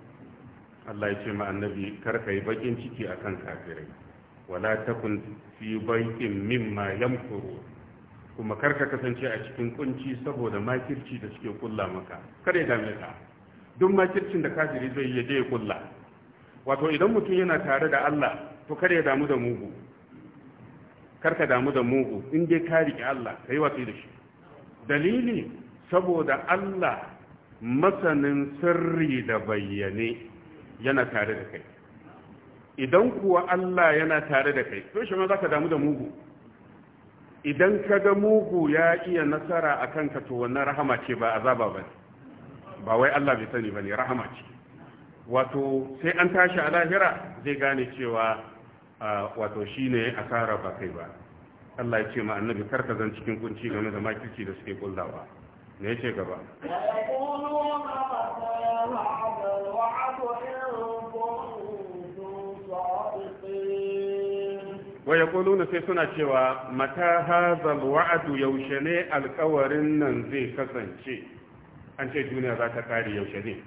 B: Allah ya ce ma annabi kar yi bakin ciki akan kafirai wala takun fi min mimma yamkuru kuma karka kasance a cikin kunci saboda makirci da suke kulla maka kare dame ka duk makircin da kafiri zai yi je kulla wato idan mutum yana tare da Allah to kare damu da mugu karka damu da mugu in dai ka riƙe Allah kai watsi da shi dalili saboda Allah masanin sirri da bayyane yana tare da kai idan kuwa Allah yana tare da kai to shi ma zaka damu da mugu idan ka ga mugu ya iya nasara a kanka to wannan rahama ce ba azaba ba ba wai Allah bai sani ba ne rahama ce wato sai an tashi a lahira zai gane cewa wato shi ne asara ba kai ba Allah ya ce ma annabi karka zan cikin kunci game da makirci da suke kullawa ne ya ce gaba
A: وعد إن
B: wa yaquluna sai suna cewa mata hazal wa'adu yaushe ne alkawarin nan zai kasance an ce duniya za ta kare yaushe ne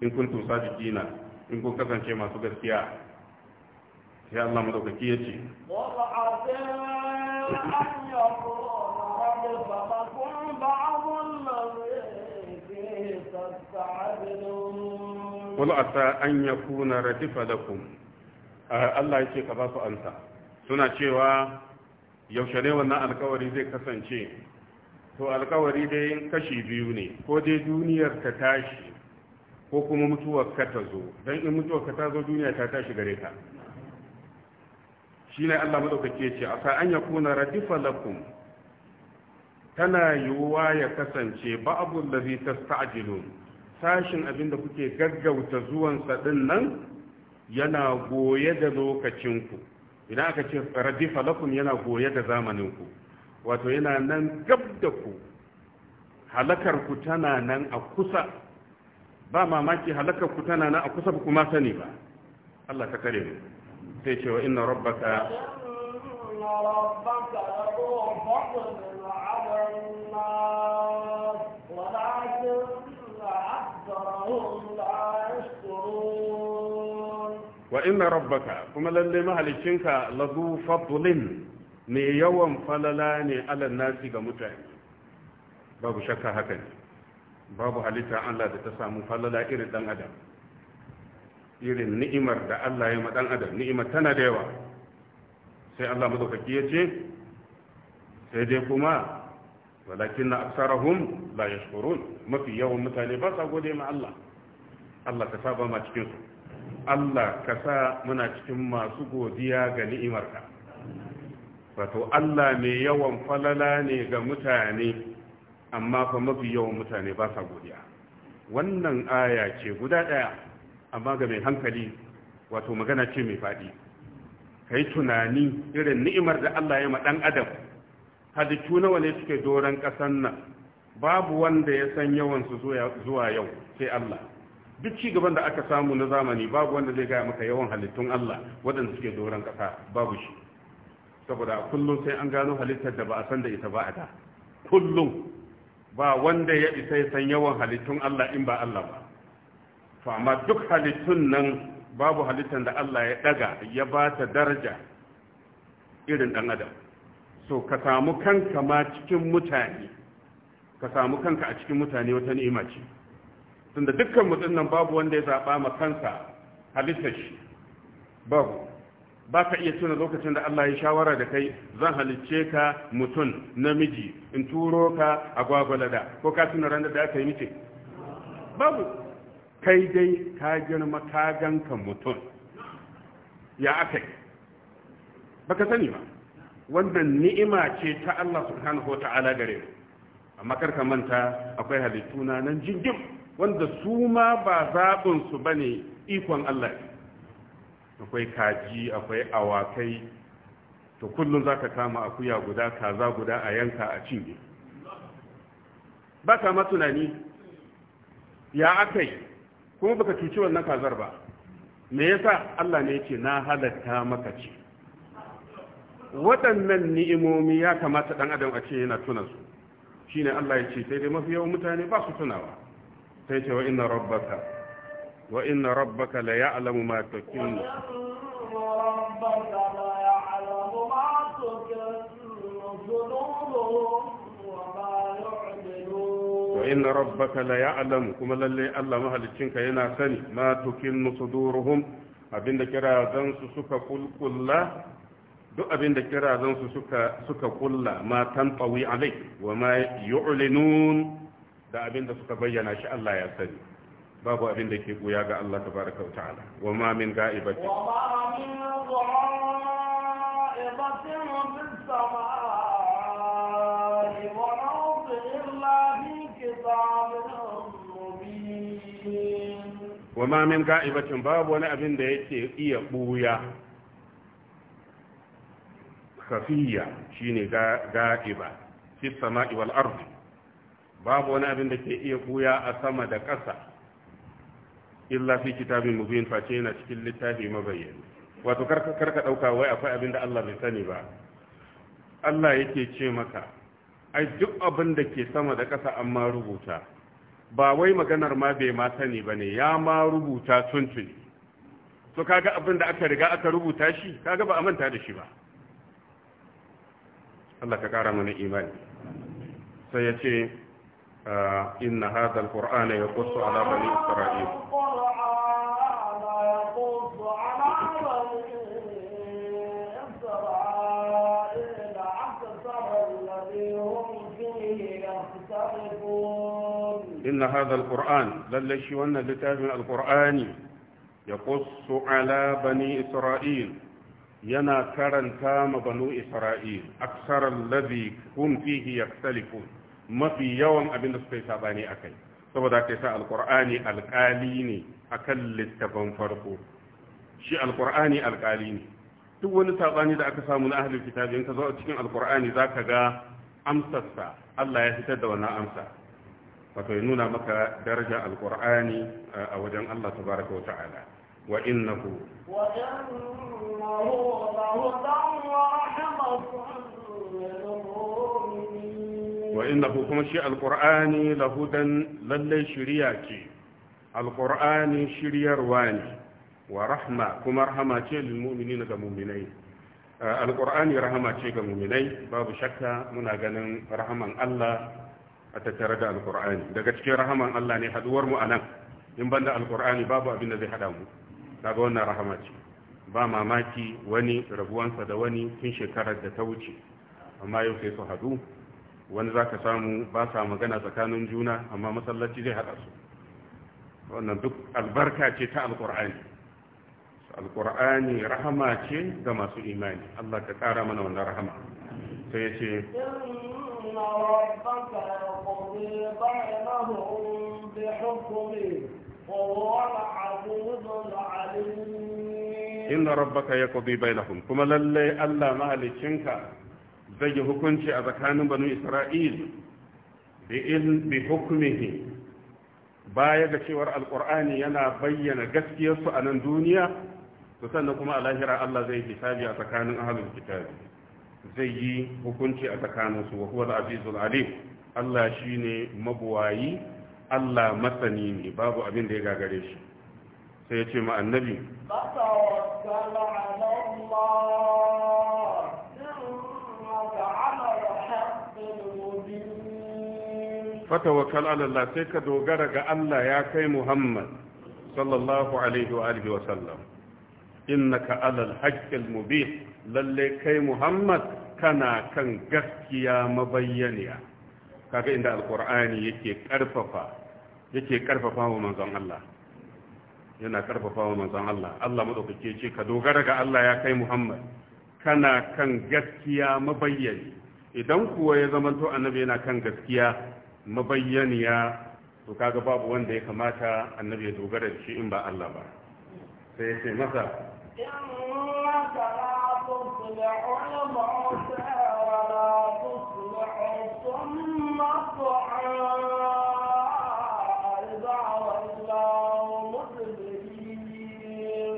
B: in kun tusa jikina, in kun kasance masu gaskiya sai Allah madaukaki ya ce قل عسى أن يكون ردف لكم Allah yake ka ba su ansa suna cewa yaushe ne wannan alkawari zai kasance to alkawari dai kashi biyu ne ko dai duniyar ta tashi ko kuma mutuwar ka ta zo don in mutuwar ka ta zo duniya ta tashi gare ka shine Allah madaukake ce aka an yakuna radifa lakum tana yiwuwa ya kasance ba'abul ladhi tasta'jilun sashin abin da kuke gaggauta zuwan sa nan yana goye da lokacinku idan aka ce radifa lakum yana goye da zamaninku wato yana nan gab da ku halakarku tana nan a kusa ba mamaki halakarku tana nan a kusa ba kuma sani ba Allah ka kare mu sai cewa inna rabbaka
A: ولكن أكثرهم لا يشكرون
B: wa inna rabbaka kuma lalle mahalicinka lazu fadlin ne yawan falala ne alal nasi ga mutane babu shakka haka ne babu halitta Allah da ta samu falala irin dan adam irin ni'imar da Allah ya ma dan adam ni'imar tana da yawa sai Allah madaukaki ya ce sai dai kuma walakin na aksarahum la yashkurun mafi yawan mutane ba sa gode ma Allah Allah ka saba ma cikin su Allah ka sa muna cikin masu godiya ga ni'imarka wato Allah mai yawan falala ne ga mutane amma fa mafi yawan mutane ba sa godiya wannan aya ce guda ɗaya amma ga mai hankali wato magana ce mai faɗi ka yi tunani irin ni'imar da Allah ya ma ɗan adam halittu nawa ne suke doron ƙasan nan babu wanda ya san yawansu zuwa yau sai Allah duk ci gaban da aka samu na zamani babu wanda zai gaya maka yawan halittun Allah waɗanda suke doron ƙasa babu shi saboda kullum sai an gano halittar da ba a san da ita ba a da kullum ba wanda ya isa ya san yawan halittun Allah in ba Allah ba to amma duk halittun nan babu halittar da Allah ya daga ya ba ta daraja irin dan adam so ka samu kanka ma cikin mutane ka samu kanka a cikin mutane wata ni'ima ce tunda dukkan mutum nan babu wanda ya zaɓa ma kansa halittar shi babu ba ka iya tuna lokacin da Allah ya shawara da kai zan halicce ka mutum namiji in turo ka agwagwalada ko ka tuna ranar da aka yi mice babu kai dai ka girma ka ganka mutum ya aka yi baka sani ba wannan ni'ima ce ta Allah subhanahu wa ta'ala gare mu amma karka manta akwai halittu na nan jingim wanda su ma ba zaɓinsu ba ne ikon Allah akwai kaji akwai awakai to kullum za ka kama akuya guda kaza guda a yanka a cinye ba ka tunani ya aka yi kuma baka cuci wannan kazar ba me yasa Allah ne yake na halatta maka ce waɗannan ni'imomi ya kamata ɗan adam a ce yana tuna su shine Allah ya ce sai dai mafi yawan mutane ba su tunawa sai ce wa inna rabbaka wa inna rabbaka la ya'lamu ma tukinnu wa inna rabbaka la ya'lamu kuma lalle Allah mahalicinka yana sani ma tukinnu suduruhum abinda kira zan su suka kulkulla duk abinda abin da kirazansu suka suka kulla ma tantawi alai wa ma yu'linun da abin da suka bayyana shi Allah ya sani babu abin da ke buya ga Allah tabaraka wa ta'ala wa ma min ga'ibati
A: wa ma min gha'ibatin fis samaa'i wal ardi illa fi kitabin mubin
B: wa ma min ga'ibatin babu wani abin da yake iya buya khafiya shine ga ga'iba fi samaa'i wal ardi babu wani abin da ke iya buya a sama da ƙasa illa fi kitabin mubin face yana cikin littafi mabayyani wato karka ɗauka wai akwai abin da Allah bai sani ba Allah yake ce maka ai duk abin da ke sama da ƙasa an ma rubuta ba wai maganar ma bai ma sani ba ne ya ma rubuta tuntuni to kaga abin da aka riga aka rubuta shi kaga ba a manta da shi ba Allah ka ƙara mana imani sai ya ce آه، إن هذا القرآن يقص على بني إسرائيل
A: إن هذا القرآن
B: للشي وأن لتاج القرآن يقص على بني إسرائيل ينا كرن كام بنو إسرائيل أكثر الذي هم فيه يختلفون mafi yawan abin da suka yi sabani a kai saboda ka sa alkur'ani alkali ne a kan littafan farko shi alkur'ani alkali ne duk wani sabani da aka samu na ahalin kitabi in ka zo a cikin alkur'ani za ka ga amsarsa allah ya fitar da wannan amsa wato ya nuna maka daraja alkur'ani a wajen allah ta wa ta'ala wa innahu
A: wa innahu
B: wa kuma shi alqur'ani lahudan lallai shiriya ce alqur'ani shiryarwa ne wa rahma kuma rahama ce lil mu'minina ga mu'minai eh, alqur'ani rahama ce ga mu'minai babu shakka muna ganin rahaman Allah a tattare da alqur'ani daga cikin rahaman Allah ne haɗuwar mu anan in banda alqur'ani babu abin da zai hada mu kaga wannan rahama ce ba mamaki wani rabuwansa da wani tun shekarar da ta wuce amma yau sai su haɗu. wani za ka samu ba sa magana tsakanin juna amma masallaci zai haɗa su wannan duk albarka ce ta alƙur'ani alƙur'ani rahama ce ga masu imani allah ka ƙara mana wannan rahama sai ya ce inna rabbaka yaqdi bainahum kuma lallai allah mahalicinka zai yi hukunci a tsakanin banu isra'il bi hukumihi baya ga cewar alkur'ani yana bayyana gaskiyarsu a nan duniya to sannan kuma a lahira Allah zai hisabi a tsakanin ahlul kitabi zai yi hukunci a tsakanin su wa huwa azizul alim Allah shine mabuwayi Allah masani ne babu abin da ya gagare shi sai ya ce ma annabi
A: tawakkal ala Allah
B: fatawakal Allah sai ka dogara ga Allah ya kai Muhammad sallallahu alaihi wa alihi wa sallam innaka alal haqqil mubin lalle kai Muhammad kana kan gaskiya mabayyaniya kaga inda alqur'ani yake karfafa yake karfafa wa manzon Allah yana karfafa wa manzon Allah Allah madaukake ce ka dogara ga Allah ya kai Muhammad kana kan gaskiya mabayyani idan kuwa ya zamanto annabi yana kan gaskiya mabayyaniya to kaga babu wanda ya kamata annabi ya dogara da shi in ba Allah ba sai ya ce masa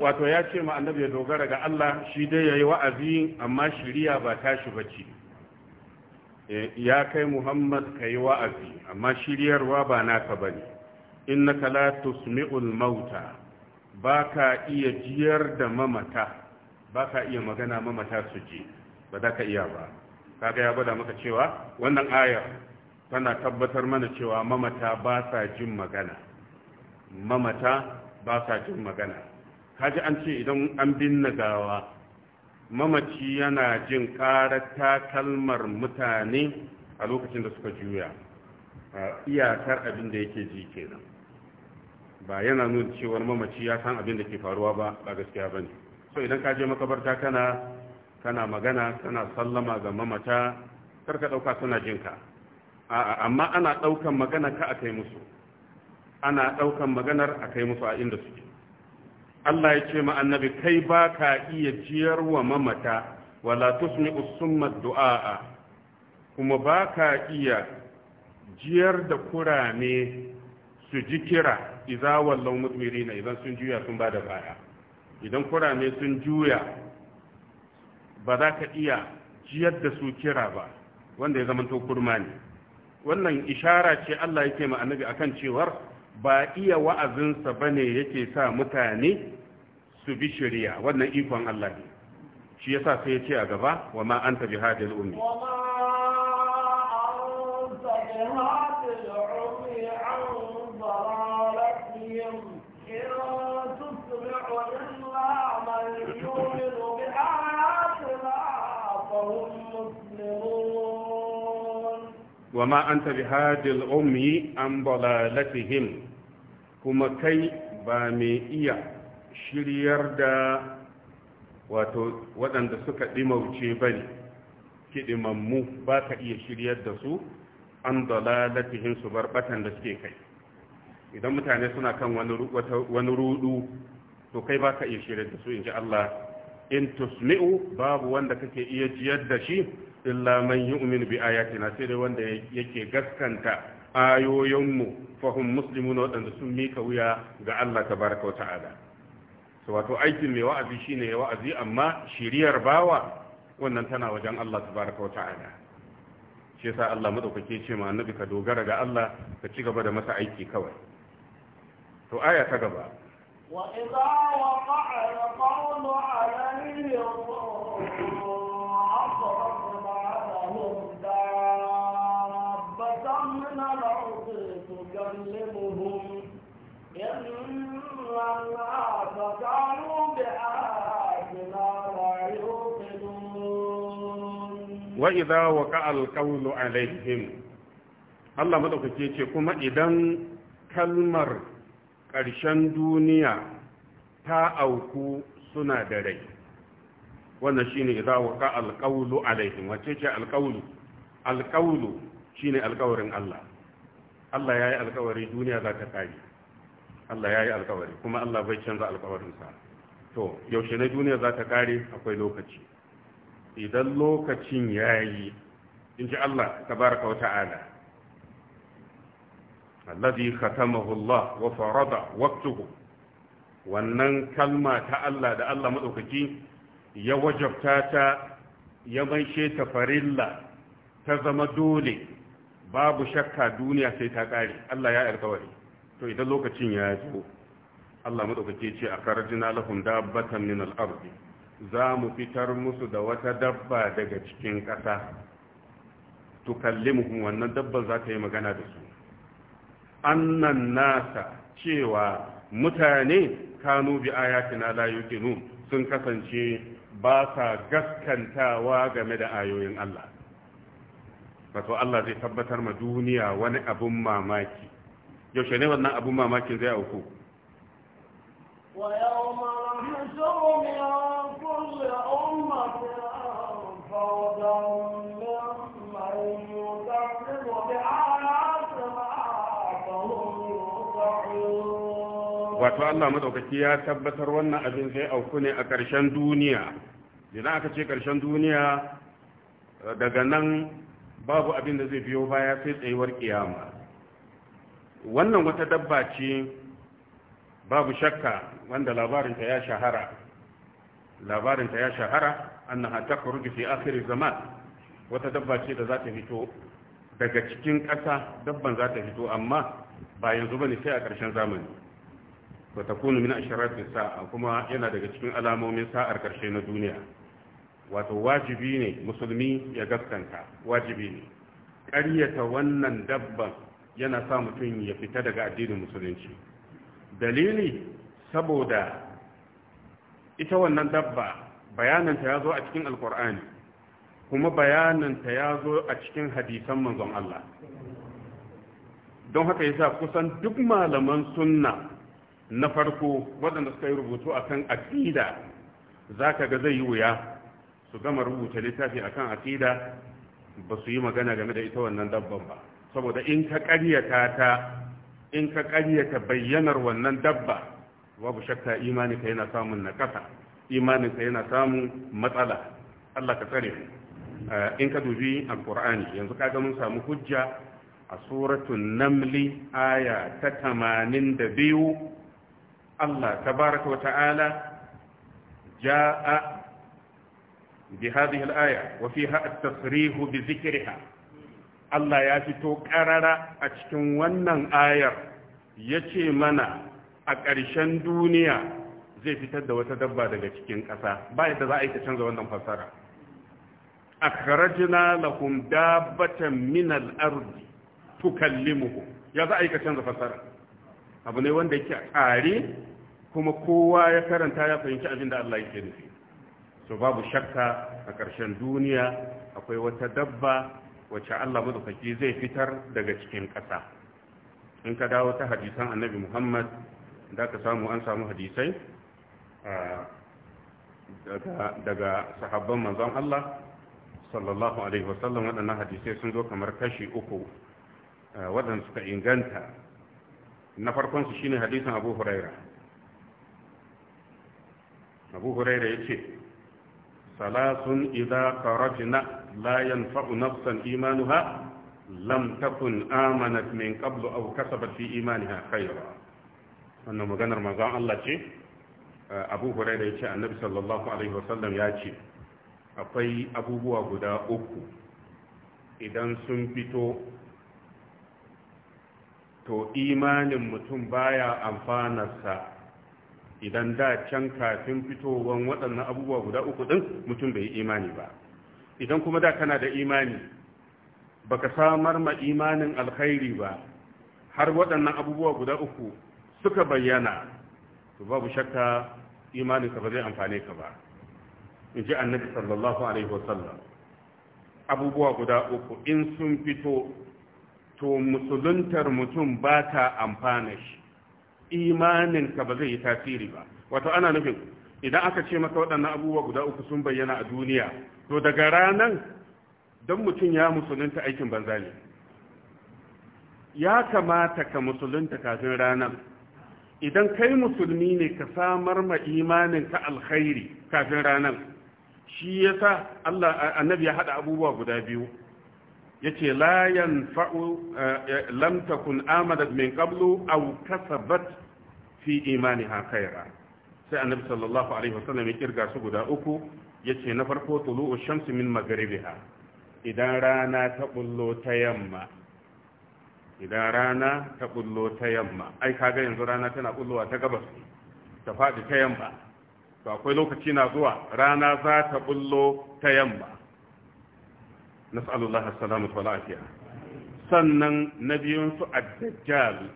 B: wato ya ce ma annabi ya dogara ga Allah shi dai yayi wa'azi amma shiriya ba tashi bace eh, ya kai Muhammad kai wa'azi amma shiryarwa ba naka bane innaka la tusmi'ul mauta baka iya jiyar da mamata baka iya magana mamata su je, ba za ka iya ba kaga ya gwada maka cewa wannan ayar tana tabbatar mana cewa mamata ba sa jin magana mamata ba sa jin magana kaji an ce idan an binne gawa mamaci yana jin ƙarar takalmar mutane a lokacin da suka juya iyakar abin da yake ji kenan ba yana nuna cewar mamaci ya san abin da ke faruwa ba ba gaskiya bane so idan ka je makabarta kana kana magana kana sallama ga mamata kar ka dauka suna jin ka amma ana daukan magana ka akai musu ana daukan maganar akai musu a inda suke Allah ya ce kai ba ka iya jiyar wa mamata wala tusmi usumma du'a kuma ba ka iya jiyar da kurame su ji kira idza wallau mudmirina idan sun juya sun ba da baya idan kurame sun juya ba za ka iya jiyar da su kira ba wanda ya zama to kurma ne wannan ishara ce Allah yake ma annabi akan cewar ba iya wa'azinsa ba ne yake sa mutane su bi shari'a wannan ikon Allah ne shi ya sa sai ya ce a gaba wa ma'anta bi hadil ummi wa ma anta bihadil ummi an balalatihim kuma kai ba mai iya shiryar da wato waɗanda suka ɗimauce ba ne kiɗimammu ba ka iya shiryar da su an dalalatihim su bar batan da suke kai idan mutane suna kan wani rudu to kai ba ka iya shiryar da su in ji Allah in tusmi'u babu wanda kake iya jiyar da shi illa man yu'min bi ayatina sai dai wanda yake gaskanta ayoyinmu fa hum muslimun sun mika wuya ga Allah tabaraka ta'ala so wato aikin mai wa'azi shine ya wa'azi amma shiriyar bawa wannan tana wajen Allah tabaraka wa ta'ala shi yasa Allah madaukake ce ma annabi ka dogara ga Allah ka ci gaba da masa aiki kawai to aya ta gaba
A: وإذا وقع القول عليهم
B: wa'iza wa ka'al ƙaunu alaihim Allah maɗaukake ce kuma idan kalmar ƙarshen duniya ta auku suna da rai wannan shine iza wa ka'al ƙaunu alaihim wace ce alƙaunu alƙaunu shine alƙawarin Allah Allah ya yi alƙawari duniya za ta kare Allah ya yi alkawari kuma Allah bai canza alkawarinsa to yaushe na duniya za ta kare akwai lokaci idan lokacin ya yi in ji Allah tabaraka wa ta'ala alladhi khatamahu Allah wa farada waqtuhu wannan kalma ta Allah da Allah madaukaki ya wajabta ta ya maishe ta farilla ta zama dole babu shakka duniya sai ta kare Allah ya alkawari to idan lokacin ya zo Allah madaukake ce a karjina lahum dabbatan min al-ard za mu fitar musu da wata dabba daga cikin ƙasa kallimuhum wannan dabban za ta yi magana da su annan nasa cewa mutane kanu bi ayatina la yuqinun sun kasance ba sa gaskantawa game da ayoyin Allah to Allah zai tabbatar ma duniya wani abun mamaki yaushe ne wannan abun mamakin zai auku wato Allah madaukaki ya tabbatar wannan abin zai auku ne a ƙarshen duniya idan aka ce ƙarshen duniya daga nan babu abin da zai biyo baya sai tsayuwar kiyama wannan wata dabba ce babu shakka wanda labarinta ya shahara labarinta ya shahara annaha takhruju fi akhir zaman wata dabba ce da za ta fito daga cikin ƙasa dabban za ta fito amma ba yanzu bane sai a ƙarshen zamani ta kunu min asharati sa'a kuma yana daga cikin alamomin sa'ar ƙarshe na duniya wato wajibi ne musulmi ya gaskanta wajibi ne ƙaryata wannan dabban yana sa mutum ya fita daga addinin musulunci dalili saboda ita wannan dabba bayananta ya zo a cikin alkur'ani kuma bayananta ya zo a cikin hadisan manzon Allah don haka yasa kusan duk malaman sunna na farko waɗanda suka yi rubutu akan aqida zaka ga zai yi wuya su gama rubuta littafi akan aqida ba su yi magana game da ita wannan dabban ba saboda in ka ƙaryata ta in ka ƙaryata bayyanar wannan dabba babu shakka imaninka yana samun naƙasa imaninka yana samun matsala Allah ka tsare eh, in ka dubi alƙur'ani yanzu kaga mun samu hujja a suratun namli aya ta tamanin da biyu Allah tabaraka wa ta'ala ja'a bi hadhihi al-aya wa fiha at-tasrihu bi dhikriha Allah ya fito ƙarara a cikin wannan ayar ya ce mana a ƙarshen duniya zai fitar da wata dabba daga cikin ƙasa ba yadda za a yi ta canza wannan fassara kun lahum dabbatan min tu ardi muku ya za a yi ka canza fassara abu ne wanda yake ƙare kuma kowa ya karanta ya fahimci abin da Allah yake nufi so babu shakka a ƙarshen duniya akwai wata dabba wacce Allah madaukaki zai fitar daga cikin ƙasa in ka dawo ta hadisan annabi Muhammad da ka samu an samu hadisai daga sahabban manzon Allah sallallahu alaihi wasallam waɗannan hadisai sun zo kamar kashi uku waɗanda suka inganta na farkonsu shine hadisin Abu Huraira Abu Huraira ce salasun idza kharajna لا ينفع نفسا إيمانها لم تكن آمنت من قبل أو كسبت في إيمانها خيرا أنه مغنى رمضان الله جي أبو هريرة النبي صلى الله عليه وسلم يا شيء أبو هو guda uku idan سنبتو fito to imanin mutum baya amfanarsa idan da can kafin fitowar waɗannan abubuwa guda uku ɗin mutum bai yi imani ba idan kuma da kana da imani baka samar ma imanin alkhairi ba har waɗannan abubuwa guda uku suka bayyana to babu shakka imanin ka ba zai amfane ka ba in ji annabi sallallahu alaihi wasallam abubuwa guda uku in sun fito to musuluntar mutum ba ta amfana shi imanin ka ba zai yi tasiri ba wato ana nufin idan aka ce maka waɗannan abubuwa guda uku sun bayyana a duniya to daga ranan don mutum ya musulunta aikin banza ne ya kamata ka musulunta kafin ranan idan kai musulmi ne ka samar ma imanin ka alkhairi kafin ranan shi yasa Allah annabi ya haɗa abubuwa guda biyu yace layan yanfa'u eh, lam takun amadad min qablu aw kasabat fi kai khaira sai annabi sallallahu alaihi wasallam ya kirga su guda uku ya ce na farko tulu'u shamsu min magharibiha idan rana ta bullo ta yamma idan rana ta bullo ta yamma ai kaga yanzu rana tana bullowa ta gabas ta faɗi ta yamma to akwai lokaci na zuwa rana za ta bullo ta yamma nas'alullahi as salamu wal afiya sannan nabiyun su ad-dajjal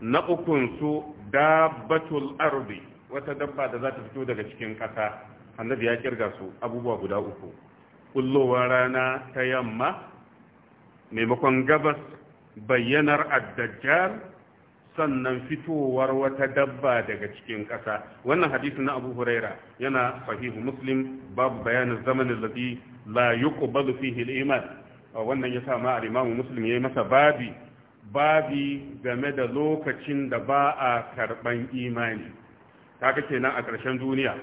B: na ukunsu dabbatul ardi wata dabba da za ta fito daga cikin ƙasa annabi ya kirga su abubuwa guda uku kullowar rana ta yamma maimakon gabas bayyanar addajjal sannan fitowar wata dabba daga cikin ƙasa wannan hadisi na abu huraira yana sahihu muslim babu bayanin zamanin lafi la yuqbalu fihi al wannan ya sa ma al-imamu muslim yi masa babi babi game da lokacin da ba a karban imani ta kake kenan a ƙarshen duniya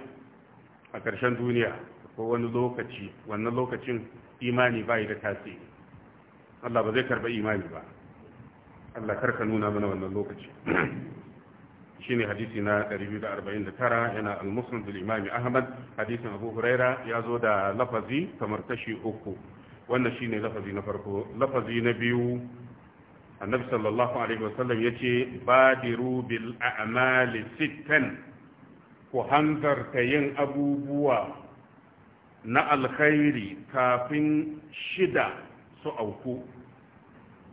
B: a ƙarshen duniya ko wani lokaci wannan lokacin imani ba yi da tasiri Allah ba zai karba imani ba Allah karka nuna mana wannan lokaci shine hadisi na 249 yana al-musnad da imam Ahmad hadisin Abu Huraira ya zo da lafazi kamar tashi uku wannan shine lafazi na farko lafazi na biyu annabi sallallahu alaihi wasallam ya ce badiru bil a'mali sittan ku hanzarta yin abubuwa na alkhairi kafin shida su auku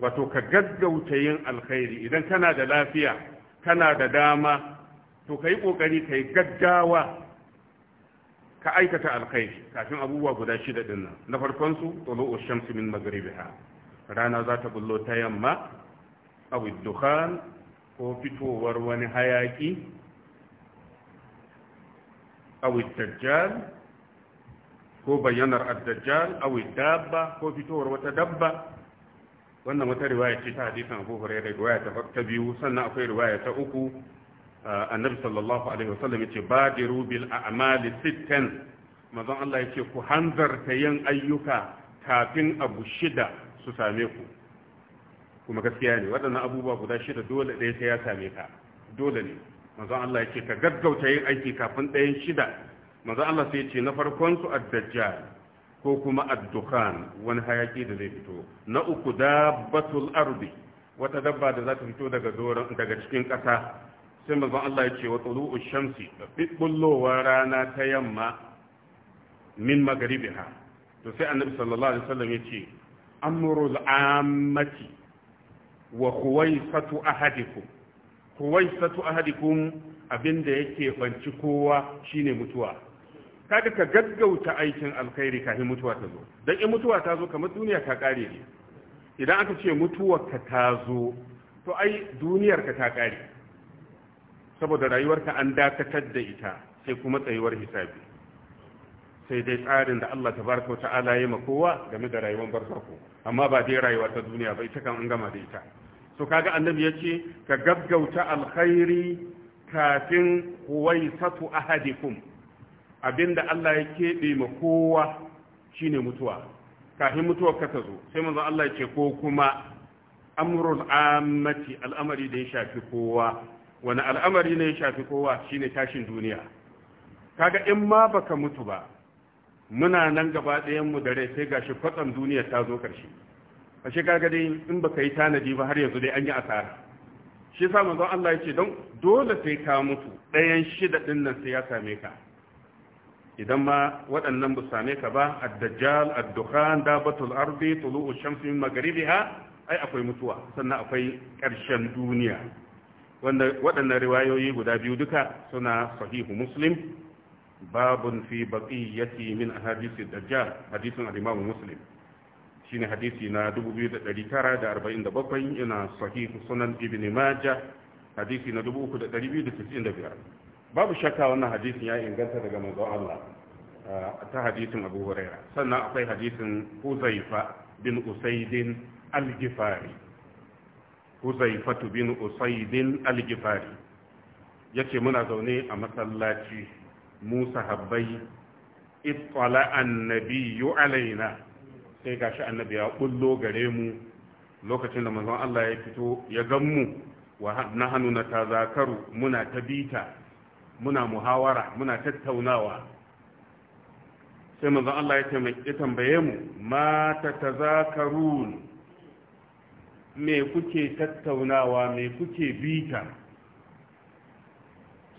B: wato ka gaggauta yin alkhairi idan kana da lafiya kana da dama to ka yi ƙoƙari ka yi gaggawa ka aikata alkhairi kafin abubuwa guda shida ɗin na farkonsu tsolo shamsu magaribi ha. rana za ta bullo ta yamma a dukhan ko fitowar wani hayaki a dajjal ko bayyanar addajjal a dabba ko fitowar wata dabba wannan wata riwaya ce ta hadisan abu hurairah riwaya ta ta biyu sannan akwai riwaya ta uku annabi sallallahu alaihi wasallam yace badiru bil a'mali sittan manzon Allah ce ku hanzarta yin ayyuka kafin abu shida su same ku kuma gaskiya ne waɗannan abubuwa guda shida dole ɗaya ya same ka dole ne manzon Allah yake ka gaggauta yin aiki kafin ɗayan shida manzon Allah sai ce na farkon su ad-dajjal ko kuma ad-dukhan wani hayaki da zai fito na uku dabbatul ardi wata dabba da za ta fito daga doron daga cikin ƙasa sai manzon Allah yake wa tulu'u shamsi bullowa rana ta yamma min magribiha to sai annabi sallallahu alaihi wasallam yace amrul ammati wa huwaisatu ahadikum huwaisatu ahadikum abinda yake banci kowa shine mutuwa kada ka gaggauta aikin alkhairi kafin mutuwa ta zo dan in mutuwa ta zo kamar duniya ta kare ne idan aka ce mutuwar ka ta zo to ai duniyar ta kare saboda rayuwarka an dakatar da ita sai kuma tsayuwar hisabi sai dai tsarin da Allah tabaraka wa ta'ala ya ma kowa game da rayuwar barzaku amma ba dai rayuwa ta duniya ba ita kan an gama da ita so kaga annabi yace ka gaggauta alkhairi kafin huwaisatu ahadikum abinda Allah ya keɓe ma kowa shine mutuwa kafin mutuwa ka ta zo sai manzo Allah ya ko kuma amrul ammati al'amari da ya shafi kowa wani al'amari ne ya shafi kowa shine tashin duniya kaga in ma baka mutu ba muna nan gaba ɗayan mu da rai sai gashi kwatsam duniya ta zo ƙarshe a shekara dai in baka yi tanadi ba har yanzu dai an yi asara shi sa manzon Allah ya ce don dole sai ka mutu ɗayan shida ɗin nan sai ya same ka idan ma waɗannan ba same ka ba ad-dajjal ad-dukhan dabatul ardi tulu'u shamsi min magribiha ai akwai mutuwa sannan akwai ƙarshen duniya wanda waɗannan riwayoyi guda biyu duka suna sahihu muslim babun fi baqiyati min ahadith ad-dajjal hadithun al-imam muslim shine hadisi na 2947 ina sahih sunan ibn majah hadisi na 3295 babu shakka wannan hadisin ya inganta daga manzon ah, ta hadisin Abu Huraira sannan akwai hadisin Huzaifa bin Usaidin al-Gifari Huzaifatu bin Usaidin al-Gifari yace muna zaune a masallaci Musa Habbai, ittala annabiyyu alaina sai gashi annabi ya bullo gare mu lokacin da manzon Allah ya fito ya gan mu wa nahnu natazakaru muna tabita muna muhawara muna tattaunawa sai manzon Allah ya tambaye mu ma tatazakarun me kuke tattaunawa me kuke bita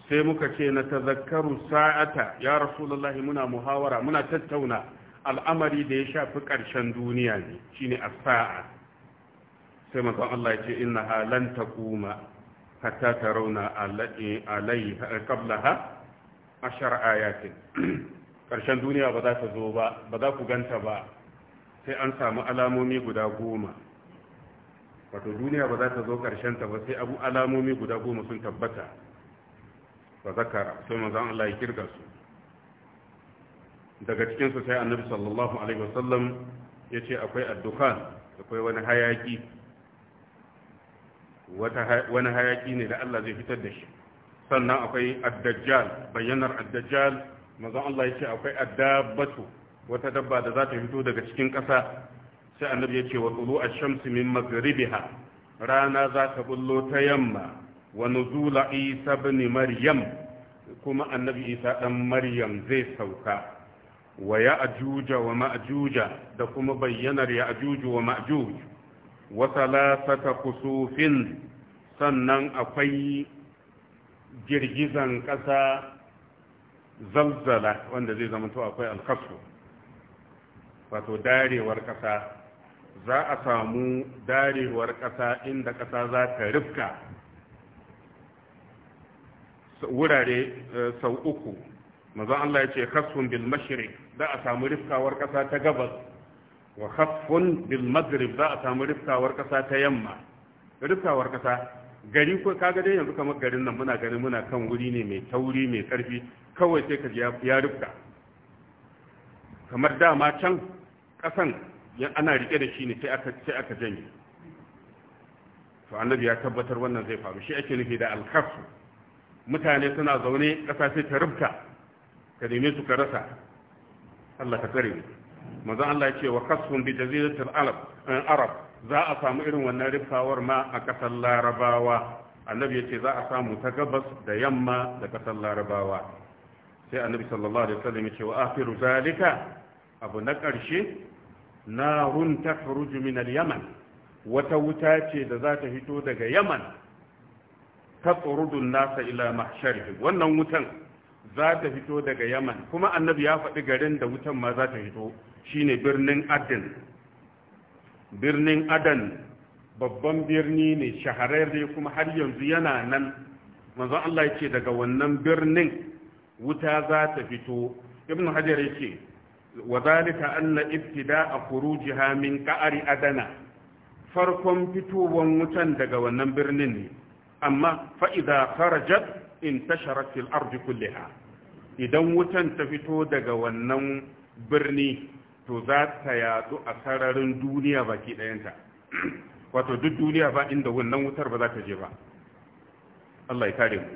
B: sai muka ce na ta tazakkaru sa'ata ya rasulullahi muna muhawara muna tattauna al'amari da ya shafi ƙarshen duniya ne shine as-sa'a sai manzon Allah ya ce innaha lan taquma hatta tarawna alaiha qablaha ashar ayatin ƙarshen duniya ba za ta zo ba ba za ku ganta ba sai an samu alamomi guda goma wato duniya ba za ta zo ƙarshen ta ba sai abu alamomi guda goma sun tabbata fa zakara sai manzon Allah ya kirga su daga cikin su sai annabi sallallahu alaihi wasallam ya ce akwai addukan akwai wani hayaki wani hayaki ne da Allah zai fitar da shi sannan akwai addajjal bayyanar addajjal mazan Allah ya ce akwai addabatu wata dabba da za ta fito daga cikin ƙasa sai annabi ya ce wa tulu ash-shamsi min maghribiha rana za ta bullo ta yamma Wani zula isa ibn maryam kuma annabi isa ɗan maryam zai sauka wa ya'juja wa ma'juja da kuma bayyanar ya'juju wa ma'juj wa kusufin sannan akwai girgizan ƙasa zazzala wanda zai zama to akwai alkasu wato darewar ƙasa za a samu darewar ƙasa inda ƙasa za ta rifka wurare eh, sau uku maza Allah ya ce khasfun bil mashriq da a samu rifkawar kasa ta gabas wa khasfun bil maghrib da a samu rifkawar kasa ta yamma rifkawar kasa gari ko kaga dai yanzu kamar garin nan muna ganin muna kan wuri ne mai tauri mai karfi kawai sai ka ya rifka kamar dama can kasan ana rike da shi ne sai aka sai aka janye to annabi ya tabbatar wannan zai faru shi ake nufi da al mutane suna zaune ƙasashe ta rubta ka neme su ka rasa Allah ka tsare Maza Allah ya ce wa kasfun bi jaziratil arab eh, arab za a samu irin wannan rubtawar ma a ƙasar larabawa annabi ya ce za a samu ta gabas da yamma da ƙasar larabawa sai annabi sallallahu alaihi wasallam ya ce wa akhiru zalika abu na ƙarshe narun takhruju min al-yaman wata wuta ce da za ta fito daga yaman taqrudun nasa ila mahsharihim wannan wutan za ta fito daga Yaman kuma annabi ya faɗi garin da wutan ma za ta fito shine birnin Aden birnin Aden babban birni ne shahararre kuma har yanzu yana nan manzon Allah yake daga wannan birnin wuta za ta fito ibnu hajar yake wa zalika anna ibtida'a khurujiha min qa'ri adana farkon fitowan wutan daga wannan birnin ne amma fa'iza in intasharat fil ardi kulliha idan wutan ta fito daga wannan birni to za ta yadu a sararin duniya baki ɗayanta wato duk duniya ba inda wannan wutar ba za ta je ba Allah ya kare mu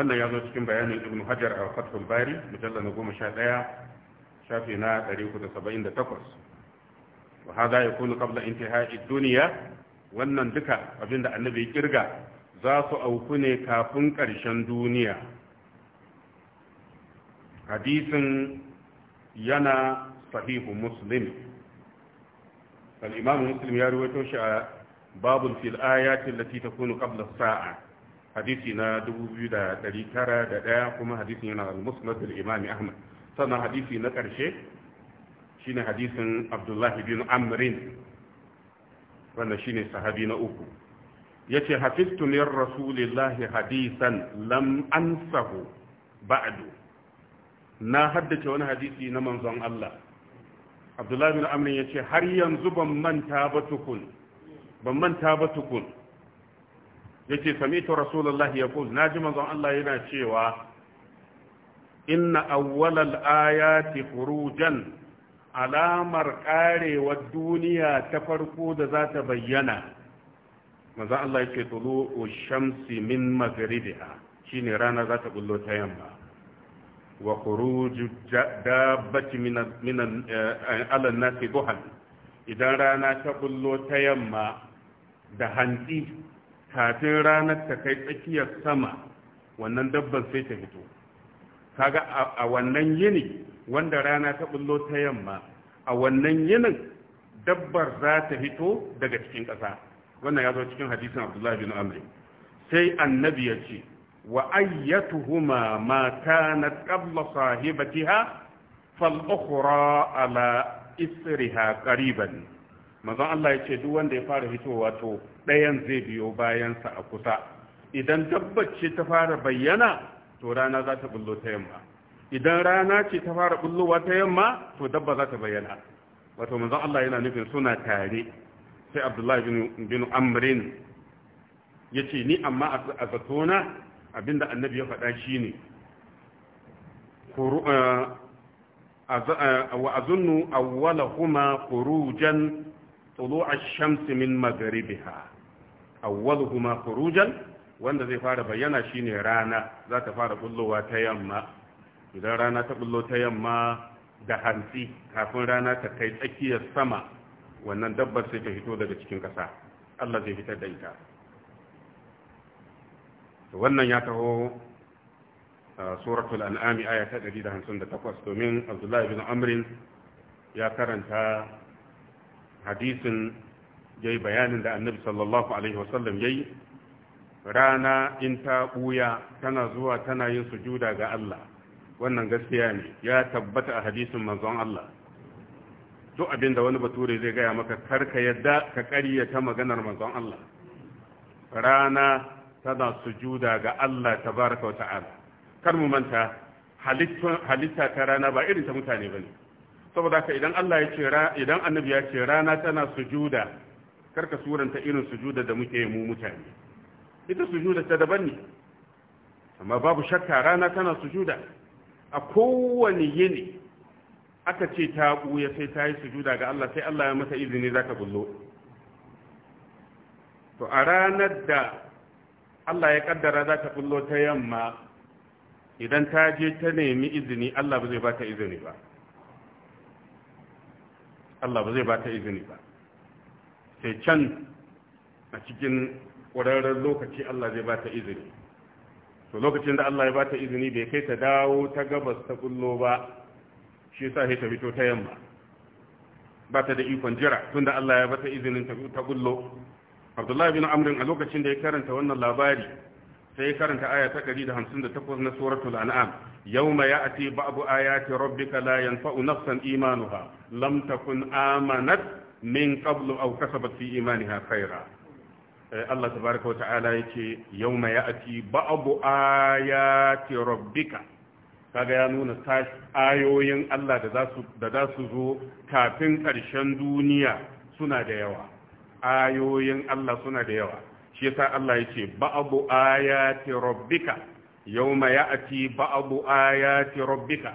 B: wannan ya zo cikin bayanin ibn hajar a fathul bari mujalla na goma sha ɗaya shafi na ɗari kudu saba'in da takwas wa haza ya kunu kabla intihai duniya wannan duka abinda annabi ya kirga za su auku ne kafin ƙarshen duniya hadisin yana sahihu muslim
A: al'imamu muslim ya ruwaito shi a
B: babul fil ayatin lati kunu kabla sa'a hadisi na 2901 kuma hadisin yana al-musnad al ahmad sannan hadisi na ƙarshe shine hadisin abdullahi bin amrin wannan ne sahabi na uku yace hafiztu min rasulillahi hadisan lam ansahu ba'du na haddace wani hadisi na manzon Allah Abdullahi bin ya yace har yanzu ban manta ba tukun ban manta ba tukun yace sami'tu rasulullahi yaqul naji manzon Allah yana cewa inna awwalal ayati jan. alamar karewar duniya ta farko da za ta bayyana maza Allah yake tulu shamsi min magribiha shine rana za ta bullo ta yamma wa khuruju dabbati min min eh, ala nasi duhan idan rana ta bullo ta yamma da hanti kafin ranar ta kai tsakiyar sama wannan dabban sai ta fito kaga a wannan yini wanda rana ta bullo ta yamma a wannan yinin dabbar za ta fito daga cikin ƙasa wannan ya zo cikin hadisin abdullahi bin amri sai annabi ya ce wa ayyatuhuma ma kanat qabla sahibatiha fal ukhra ala isriha qariban manzon Allah ya ce duk wanda ya fara fitowa to ɗayan zai biyo bayansa a kusa idan dabbar ce ta fara bayyana to rana za ta bullo ta yamma idan rana ce ta fara bullowa ta yamma to dabba za ta bayyana wato manzon Allah yana nufin suna tare sai Abdullahi bin bin Amrin yace ni amma a zatona abinda annabi ya faɗa shine eh, eh, wa azunnu awwalahuma khurujan طلوع الشمس من مغربها أولهما خروجا wanda zai fara bayyana shine rana za ta fara bullowa ta yamma idan rana ta bullo ta yamma da hantsi kafin rana ta kai tsakiyar sama wannan dabbar sai ta fito daga cikin ƙasa Allah zai fitar da ita wannan ya taho suratul an'ami aya ta 158 domin Abdullahi bin Amrin ya karanta hadisin yayi bayanin da Annabi sallallahu alaihi wasallam yayi rana in ta buya tana zuwa tana yin sujuda ga Allah wannan gaskiya ne ya tabbata a hadisin manzon Allah duk abinda wani bature zai gaya maka karka yadda ka ƙaryata maganar manzon Allah rana tana sujuda ga Allah tabaraka wa ta'ala kar mu manta halitta ta rana ba irin ta mutane bane saboda haka idan Allah ya ce idan annabi ya ce rana tana sujuda karka suranta irin sujuda da muke mu mutane ita sujuda ta daban ne amma babu shakka rana tana sujuda a kowane yini aka ce ta ya sai ta yi sujuda ga Allah sai Allah ya mata izini za ka bullo to a ranar da Allah ya kaddara za ta bullo ta yamma idan ta je ta nemi izini Allah ba zai ba ta izini ba Allah ba zai ba ta izini ba sai can a cikin ƙwararren lokaci Allah zai ba ta izini to lokacin da Allah ya bata izini bai kai ta dawo ta gabas ta kullo ba shi yasa ta fito ta yamma ba ta da ikon jira tunda Allah ya ta izinin ta kullo Abdullahi bin Amr a lokacin da ya karanta wannan labari sai ya karanta aya ta 158 na suratul an'am yawma ya'ti ba'du ayati rabbika la yanfa'u nafsan imanuha lam takun amanat min qablu aw kasabat fi imaniha khayra Eh, Allah tabaraka wa ta'ala yace yawma ya'ti ba'du ayati rabbika kaga ya nuna ayoyin Allah da za su zo kafin ƙarshen duniya suna da yawa ayoyin Allah suna da yawa shi yasa Allah yace ba'du ayati rabbika yawma ya'ti ba'du ayati rabbika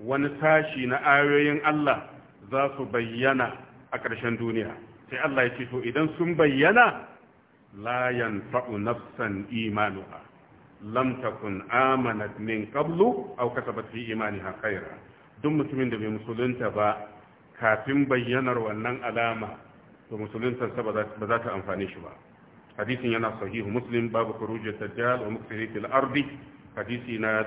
B: wani sashi na ayoyin Allah za su bayyana a ƙarshen duniya sai Allah ya to idan sun bayyana Layan yanfa'u nafsan imanuha lam takun amanat min qablu aw kasabat fi imaniha khaira duk mutumin da bai musulunta ba kafin bayyanar wannan alama to musulunta ba za ta amfani shi ba hadisin yana sahihu muslim babu khuruj dajjal wa muksiri fil ardi hadisi na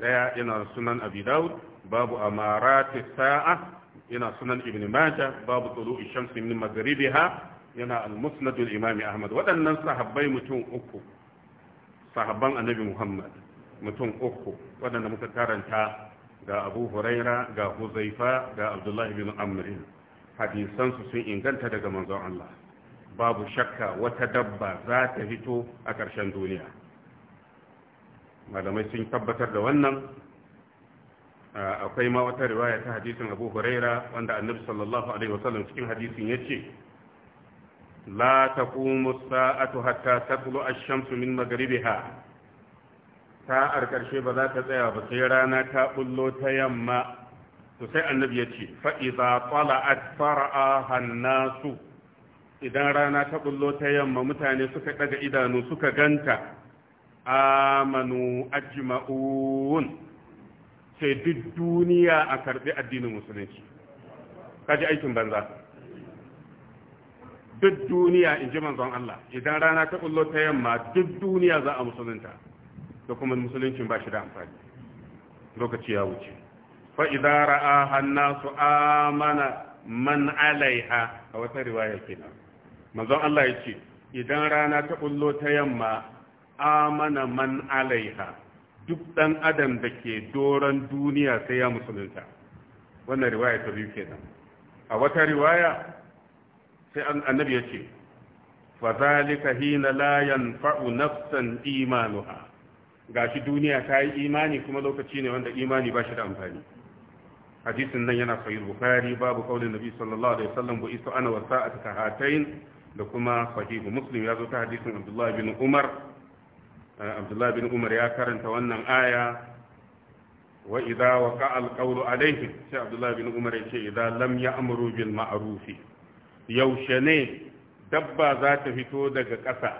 B: ɗaya, yana sunan abi daud babu amarati sa'a yana sunan ibn Maja. babu tulu'i shamsi min maghribiha yana al-musnadul imami ahmad waɗannan sahabbai mutum uku sahabban annabi muhammad mutum uku waɗanda muka karanta ga abu huraira ga huzaifa ga abdullahi bin amrin hadisansu sun inganta daga manzon allah babu shakka wata dabba za ta fito a ƙarshen duniya malamai sun tabbatar da wannan akwai ma wata riwaya ta hadisin abu huraira wanda annabi sallallahu alaihi wasallam cikin hadisin ya ce la taqumu as-sa'atu hatta tatlu ash-shamsu min maghribiha sa'ar karshe ba za ta tsaya ba sai rana ta bullo ta yamma to sai annabi ya ce fa idza tala'at fara'aha an-nasu idan rana ta bullo ta yamma mutane suka ɗaga idanu suka ganta amanu ajma'un sai duk duniya a karɓi addinin musulunci Ka ji aikin banza duk duniya in ji manzon Allah idan rana ta kullo ta yamma duk duniya za a musulunta da kuma musuluncin ba shi da amfani lokaci ya wuce fa idza ra'a hannasu amana man alaiha a wata riwaya kenan manzon Allah yace idan rana ta kullo ta yamma amana man alaiha duk dan adam da ke doron duniya sai ya musulunta wannan riwaya ta biyu kenan a wata riwaya sai annabi ya ce fazalika hina layan fa'u nafsan imanuha shi duniya ta yi imani kuma lokaci ne wanda imani ba shi da amfani hadisin nan yana sahih bukhari babu qaulin nabi sallallahu alaihi wasallam bu isu ana wasa'at kahatayn da kuma Fahimu muslim ya zo ta hadisin Abdullahi bin umar eh, Abdullahi bin umar ya karanta wannan aya wa idza waqa al-qawlu alaihim sai Abdullahi bin umar ya ce idza lam ya'muru bil ma'rufi yaushe ne dabba za ta fito daga ƙasa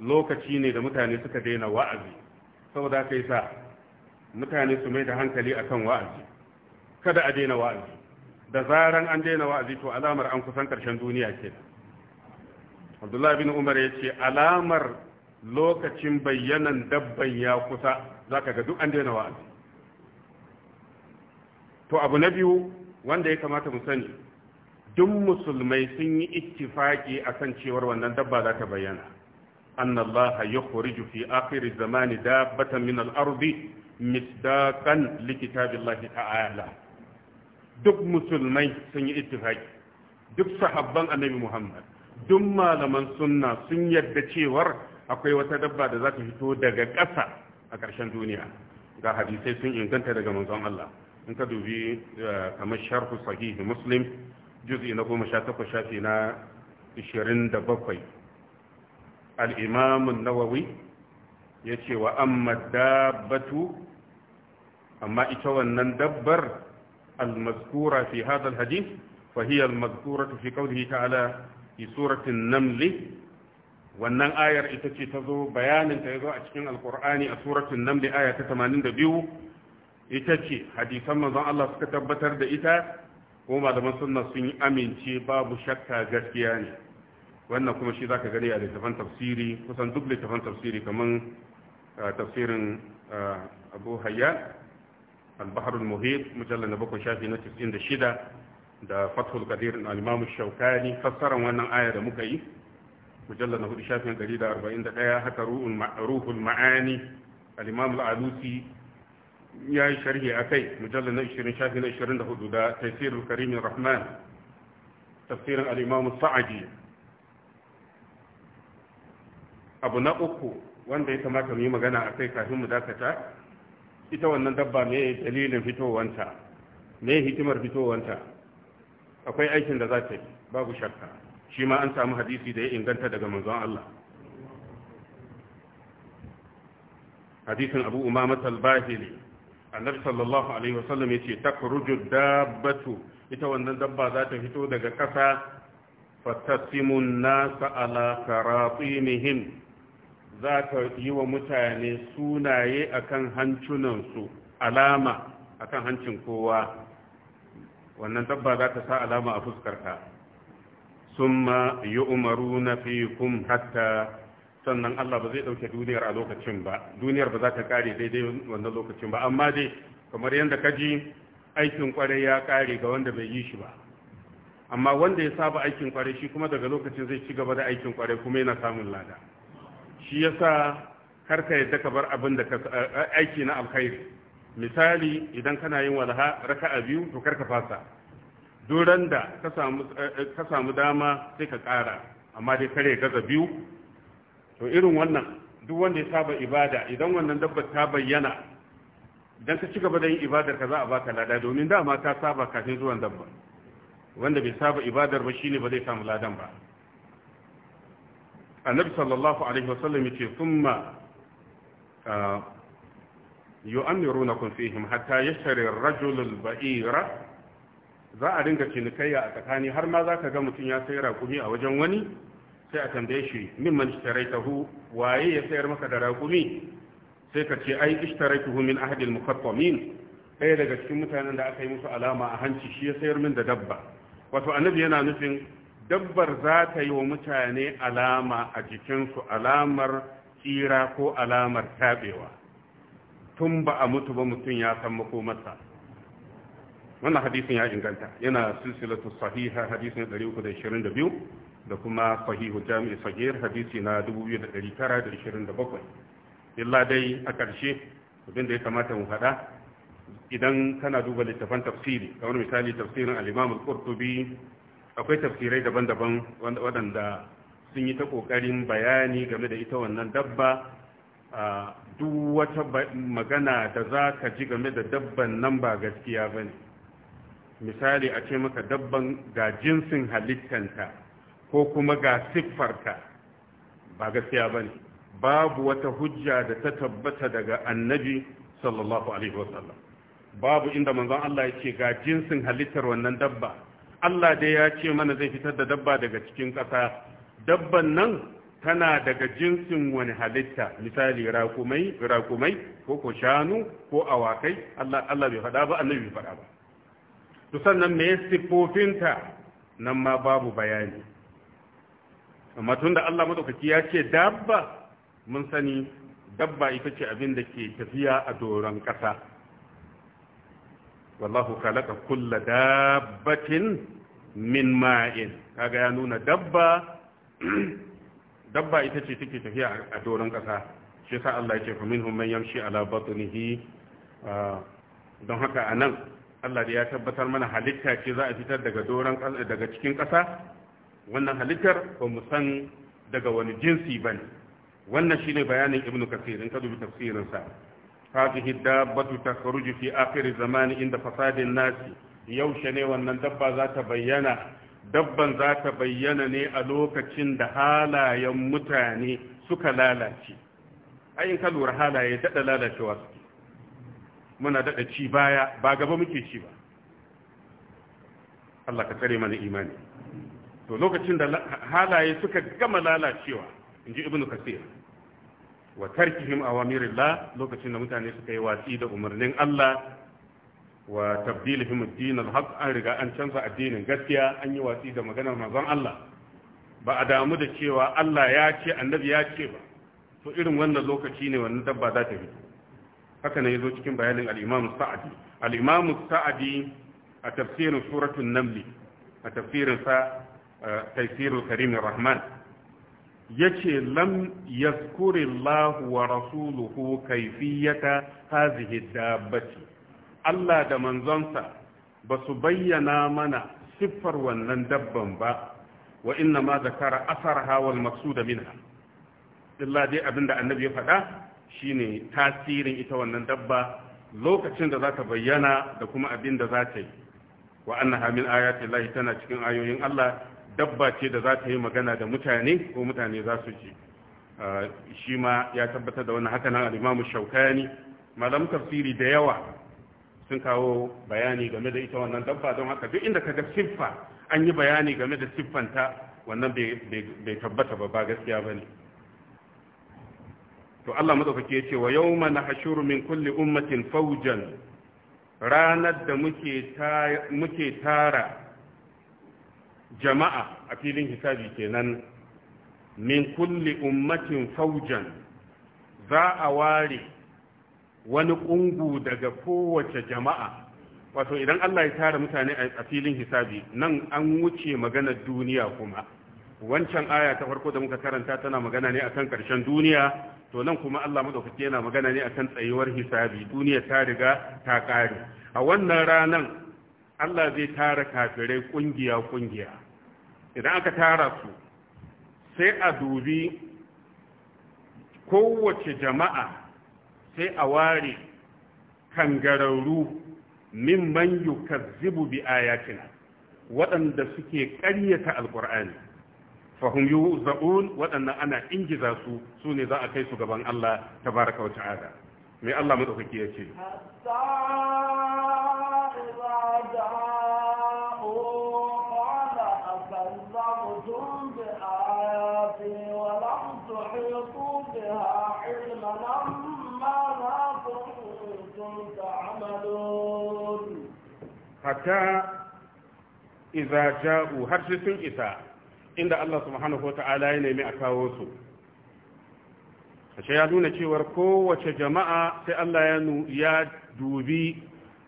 B: lokaci ne da mutane suka daina wa'azi saboda yi sa mutane su mai da hankali akan wa'azi kada a daina wa'azi da zaran an daina wa'azi to alamar an kusan ƙarshen duniya ke abdullahi bin umar ya ce alamar lokacin bayyanan dabban ya kusa za ka ga duk an daina wa'azi to abu na biyu wanda ya kamata mu sani duk musulmai sun yi ittifaki akan cewar wannan dabba za ta bayyana annallaha yukhriju fi akhir zamani dabbatan min al-ardi likita li kitabillahi ta'ala duk musulmai sun yi ittifaki duk sahabban annabi Muhammad duk malaman sunna sun yadda cewar akwai wata dabba da za ta fito daga ƙasa a ƙarshen duniya ga hadisai sun inganta daga manzon Allah in ka dubi eh, kamar sharhu sahihi muslim juzi na goma sha takwas shafi na ishirin da bakwai al'imamun nawawi ya ce wa amma dabbatu amma ita wannan dabbar almazkura fi hadal hadis fahiyar almazkura fi kawai ta'ala fi suratun namli wannan ayar ita ce ta zo bayaninta ya zo a cikin alkur'ani a suratun namli aya ta 82 ita ce hadisan manzon Allah suka tabbatar da ita ko malaman sunna sun yi amince babu shakka gaskiya ne wannan kuma shi zaka gani a littafan tafsiri kusan duk littafan tafsiri kaman tafsirin abu hayyan al-baharul muhit mujallal na bakwai shafi na 96 da fathul qadir na al-imam shaukani fassaran wannan aya da muka yi mujallal na hudu shafin 141 haka ruhul ma'ani al-imam al-alusi ya yi sharhi a kai mujallar na 20 shafi na 24 da tafsirin karimin rahman tafsirin al'imamu sa'adi abu na uku wanda ya kamata mu yi magana a kai kafin mu dakata ita wannan dabba ne dalilin fitowanta ne hikimar fitowanta akwai aikin da za ta yi babu shakka shi ma an samu hadisi da ya inganta daga manzon Allah hadisin abu umama talbahili annabi sallallahu alaihi wasallam yace takruju dabbatu ita wannan dabba za ta fito daga ƙasa fatasimun nasa ala karatinihim za ta yi wa mutane sunaye akan hancunansu alama akan hancin kowa wannan dabba za ta sa alama a fuskarka summa yu'maruna fikum hatta sannan Allah ba zai ɗauke duniyar a lokacin ba duniyar ba za ta kare daidai wannan lokacin ba amma dai kamar yadda ka ji aikin kwarai ya kare ga wanda bai yi shi ba amma wanda ya saba aikin kwarai shi kuma daga lokacin zai ci gaba da aikin kwarai kuma yana samun lada shi yasa kar ka yadda ka bar abin da ka aiki na alkhairi misali idan kana yin walha raka'a biyu to kar ka fasa duran da eh, eh, ka samu dama sai ka ƙara amma dai kare gaza biyu to irin wannan duk wanda ya saba ibada idan wannan dabbar ta bayyana idan ka ci gaba da yin ibadar ka za a baka lada domin dama ta saba kafin zuwan dabba wanda bai saba ibadar ba shine ba zai samu ladan ba annabi sallallahu alaihi wasallam yace thumma ah, yu'amirunakum fihim hatta yashtari ar-rajulu al-ba'ira za a dinga cinikayya a tsakani har ma za ka ga mutum ya sai raƙumi a wajen wani sai a tambaye shi min man ishtaraitahu waye ya sayar maka da raƙumi sai ka ce ai ishtaraituhu min al muqattamin ɗaya daga cikin mutanen da aka yi musu alama a hanci shi ya sayar min da dabba wato annabi yana nufin dabbar za ta yi wa mutane alama a jikinsu alamar tsira ko alamar tabewa tun ba a mutu ba mutum ya san makomarsa wannan hadisin ya inganta yana silsilatu sahiha hadisin 322 da kuma sahihu jami'i sagir hadisi na 2927 illa dai a ƙarshe abin da ya kamata mu faɗa idan kana duba littafan tafsiri kamar misali tafsirin al-imam al-qurtubi akwai tafsirai daban-daban waɗanda sun yi ta ƙoƙarin bayani game da ita wannan dabba duk wata magana da za ka ji game da dabban nan ba gaskiya ba ne misali a ce maka dabban ga jinsin halittanta ko kuma ga siffarka ba gaskiya ba ne babu wata hujja da ta tabbata daga annabi sallallahu alaihi wasallam babu inda manzon Allah ya ga jinsin halittar wannan dabba Allah dai ya ce mana zai fitar da dabba daga cikin ƙasa dabban nan tana daga jinsin wani halitta misali rakumai rakumai ko ko shanu ko awakai Allah Allah bai faɗa ba annabi bai faɗa ba to sannan me siffofinta nan ma babu bayani amma da Allah madaukaki ya ce dabba mun sani dabba ita ce abin da ke tafiya a doron ƙasa wallahu khalaqa kulla dabbatin min ma'in kaga ya nuna dabba dabba ita ce take tafiya a doron ƙasa shi yasa Allah ya ce fa minhum man yamshi ala batnihi ah, don haka anan Allah da ya tabbatar mana halitta ce za a fitar daga doron daga cikin ƙasa wannan halittar ba mu san daga wani jinsi ba ne wannan shi ne bayanin ibnu kasirin in sa. dubi tafsirinsa batu ta karuji fi akiri zamani inda fasadin nasi yaushe ne wannan dabba za ta bayyana dabban za ta bayyana ne a lokacin da halayen mutane suka lalace ayin ka lura halaye daɗa lalacewa suke muna daɗa ci baya ba gaba muke ci ba Allah ka tsare mana imani to lokacin da halaye suka gama lalacewa in ji ibnu kasir wa tarkihim awamirillah lokacin da mutane suka yi watsi da umarnin Allah wa tabdilihim ad-din al-haq an riga an canza addinin gaskiya an yi watsi da maganar manzon Allah ba a damu da cewa Allah ya ce annabi ya ce ba to irin wannan lokaci ne wannan dabba za ta fito haka ne yazo cikin bayanin al-Imam Sa'di al-Imam a tafsirin suratul Naml a tafsirin sa taisirul karim rahman yace lam yazkurillahu wa rasuluhu kayfiyata hazihi dabbati Allah da manzonsa ba su bayyana mana siffar wannan dabban ba wa inna ma zakara asarha wal maqsuda minha illa dai abinda annabi ya faɗa shine tasirin ita wannan dabba lokacin da zata bayyana da kuma abinda zata za ta yi wa annaha min ayati tana cikin ayoyin Allah dabba ce da za ta yi magana da mutane ko mutane za su ji shi ma ya tabbatar da wannan hakanan al-imamu shaukani malam tafsiri da yawa sun kawo bayani game da ita wannan dabba don haka duk inda kaga siffa an yi bayani game da siffanta wannan bai tabbata ba ba gaskiya ne to Allah madaukake ce wa mana hashuru min kulli ummatin fawjan ranar da muke tara jama'a a filin hisabi kenan min kulli ummatin faujan za a ware wani ƙungu daga kowace jama'a wato idan Allah ya tara mutane a filin hisabi nan an wuce maganar duniya kuma wancan aya ta farko da muka karanta tana magana ne akan karshen duniya to nan kuma Allah madaukake yana magana ne akan tsayuwar hisabi duniya ta riga ta kare a wannan ranan Allah zai tara kafirai ƙungiya-ƙungiya idan aka tara su sai a dubi kowace jama'a sai a ware kangararru min man yukazzibu bi ayatina waɗanda suke ƙaryata alƙur'ani fahim yuzaun waɗannan ana ingiza su su ne za a kai su gaban Allah ta baraka wa ada. mai Allah madaukaki ya ce hatta iza ja'u har sai sun isa inda Allah subhanahu wata'ala ya nemi a kawo su Kashe ya nuna cewar kowace jama'a sai Allah ya dubi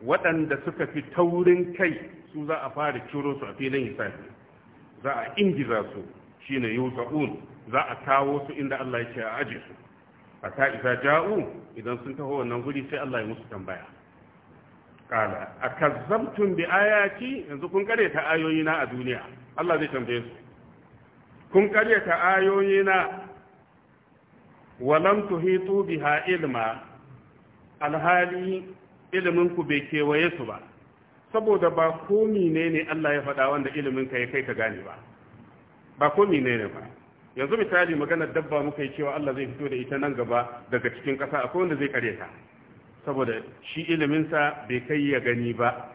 B: waɗanda suka fi taurin kai su za a fara ciro su a filin hisabi za a ingiza su shine yuza'un za a kawo su inda Allah ya ce a aje su a ta ja'u idan sun taho wannan guri sai Allah ya musu tambaya kala a kazzabtun bi ayati yanzu kun ayoyi ayoyina a duniya Allah zai tambaye su kun ayoyi ayoyina walam tuhitu biha ilma alhali ilimin ku bai kewaye su ba saboda ba komi menene Allah ya faɗa wanda ilimin ka ya kai ka gane ba ba komi menene ba yanzu misali maganar dabba muka yi cewa Allah zai fito da ita nan gaba daga cikin ƙasa akwai wanda zai karyata ta saboda shi iliminsa bai kai ya gani ba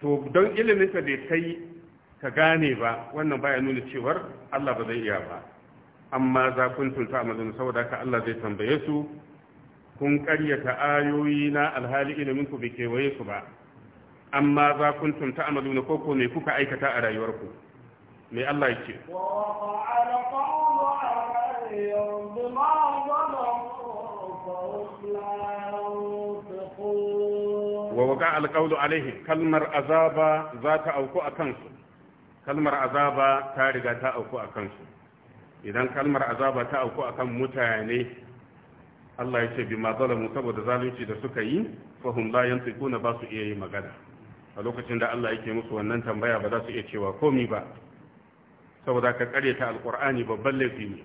B: to don iliminsa bai kai ka gane ba wannan baya nuna cewar Allah ba zai iya ba amma za kun tunta amazon saboda ka Allah zai tambaye su kun karyata ayoyi na alhali ilimin ku bai kewaye su ba amma za kun tunta amazon ko ko me kuka aikata a rayuwarku me Allah yake
A: wa ala qawla wa waka
B: alƙawlu alaihi kalmar azaba za ta auku a kansu kalmar azaba ta riga ta auku a kansu idan kalmar azaba ta auku a kan mutane Allah ya ce bi ma mu saboda zalunci da suka yi fahum la yantiquna ba su iya yi magana a lokacin da Allah yake musu wannan tambaya ba za su iya cewa komi ba saboda ka ta alqur'ani babban laifi ne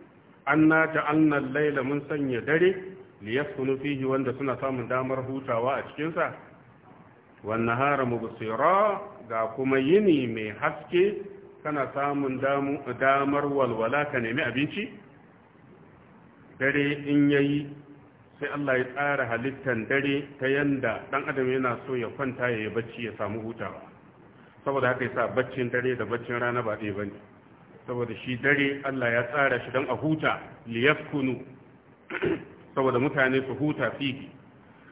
B: An nata al-laila mun sanya dare liyaskunu fihi wanda suna samun damar hutawa a cikinsa? Wannan wan nahara ga kuma yini mai haske kana samun damar walwala ka nemi abinci dare in yayi sai Allah ya tsara halittar dare ta yanda ɗan adam yana so ya kwanta ya yi bacci ya samu hutawa saboda haka yasa baccin dare da baccin rana ba ɗaya bane saboda shi dare Allah ya tsara shi don a huta liyaskunu saboda mutane su huta fihi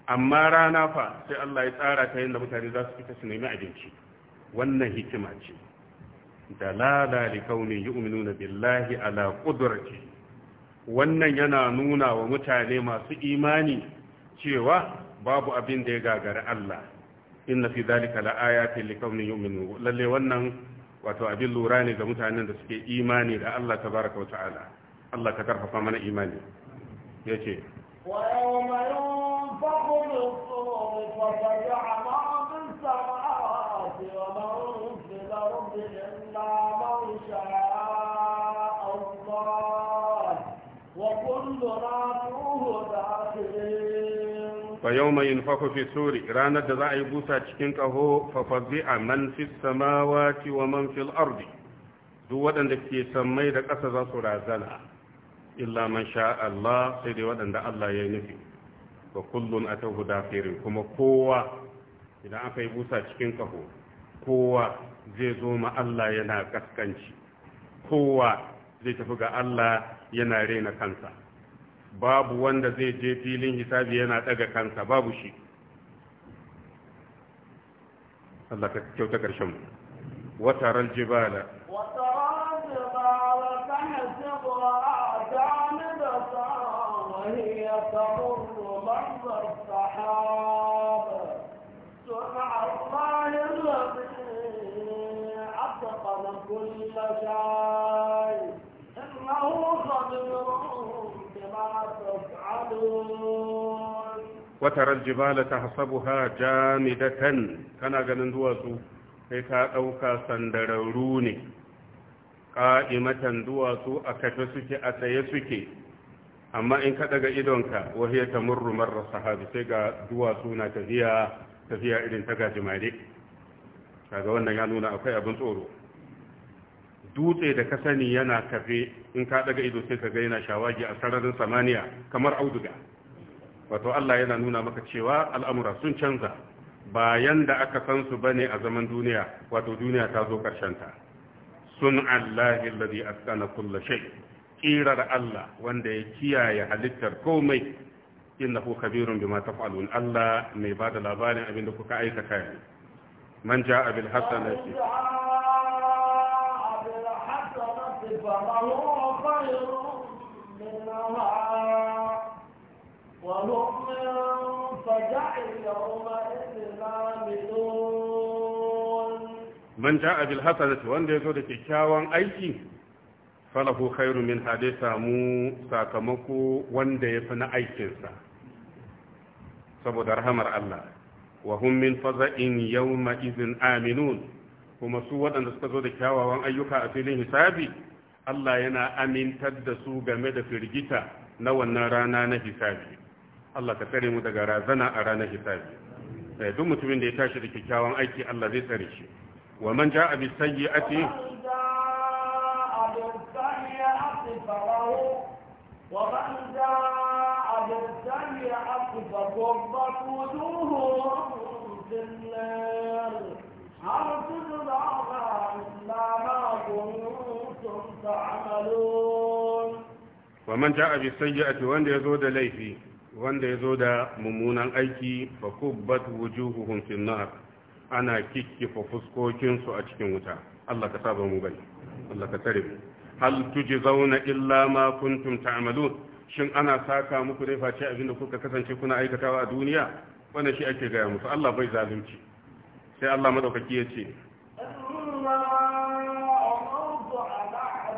B: amma rana fa sai Allah ya tsara ta yadda mutane za su fita su nemi abinci wannan hikima ce dalala li kaunin yu'minuna billahi ala qudrati wannan yana nuna wa mutane masu imani cewa babu abin da ya gagari Allah inna fi dhalika la ayatin li kaunin yu'minu lalle wannan wato abin lura ne ga mutanen da suke imani da Allah tabaraka wata'ala Allah ka karfafa mana imani yace
A: wa yawma
B: wa yawma yunfaku fi suri ranar da za a yi busa cikin kaho fa a man fi samawati wa man fil ardi duk waɗanda ke sammai da ƙasa za su razana illa man sha Allah sai dai waɗanda Allah ya nufi a ta guda firin. kuma kowa idan aka yi busa cikin kaho kowa zai zo ma Allah yana kaskanci kowa zai tafi ga Allah yana rena kansa babu wanda zai je filin hisabi yana daga kansa babu shi Allah ka kyauta karshen wataral jibala wataral
A: jibala tahsibuha janibatan wa hiya tamurru marra as-sahab subhana allahi alladhi atqana kull shay يصعدون
B: وترى الجبال تحسبها جامدة كان غنن دواسو sai ka ɗauka sandararru ne ƙa'imatan duwatsu a kafe suke a tsaye suke amma in ka daga idonka wahiyar ta murru marar sahabi sai ga duwatsu na tafiya irin ta gajimare ga wannan ya nuna akwai abin tsoro dutse da ka sani yana kafe in ka daga ido sai ka ga yana shawagi a sararin samaniya kamar auduga wato Allah yana nuna maka cewa al'amura sun canza bayan da aka san su bane a zaman duniya wato duniya ta zo karshen ta sun Allahi alladhi atqana kulli shay kirar Allah wanda ya kiyaye halittar komai innahu kabirun bima taf'alun Allah mai bada labarin abin da kuka aikata man ja'a bil hasanati
A: فهو خير منها ومؤمن فجعل يومئذ عاملون
B: من جاء بالحسنة وان يزود كيكاوان أيكي falahu khairu min hade samu sakamako wanda ya fi na aikinsa saboda rahamar Allah wa hum min faza'in yawma idhin aminun kuma su waɗanda suka zo da kyawawan ayyuka a filin hisabi Allah yana amintar da su game da firgita na wannan rana na hisabi Allah ka tsare mu daga razana a ranar hisabi duk mutumin da ya tashi da kyakkyawan aiki Allah zai tsare shi wa man ja'a bis sayyi'ati
A: ومن جاء بالسيئة فكبت وجوههم في كنتم تعملون
B: ومن جاء بالسيئة وان يزود ليفي وان يزود ممونا أيكي فكبت وجوههم في النار أنا كيكي كنسو سؤالكين وتا الله كتابه مبين الله كترم هل تجزون إلا ما كنتم تعملون shin ana saka muku dai face abin da kuka kasance kuna aikatawa a duniya wannan shi ake gaya musu Allah bai zalunci sai Allah madaukaki ya ce
A: Allah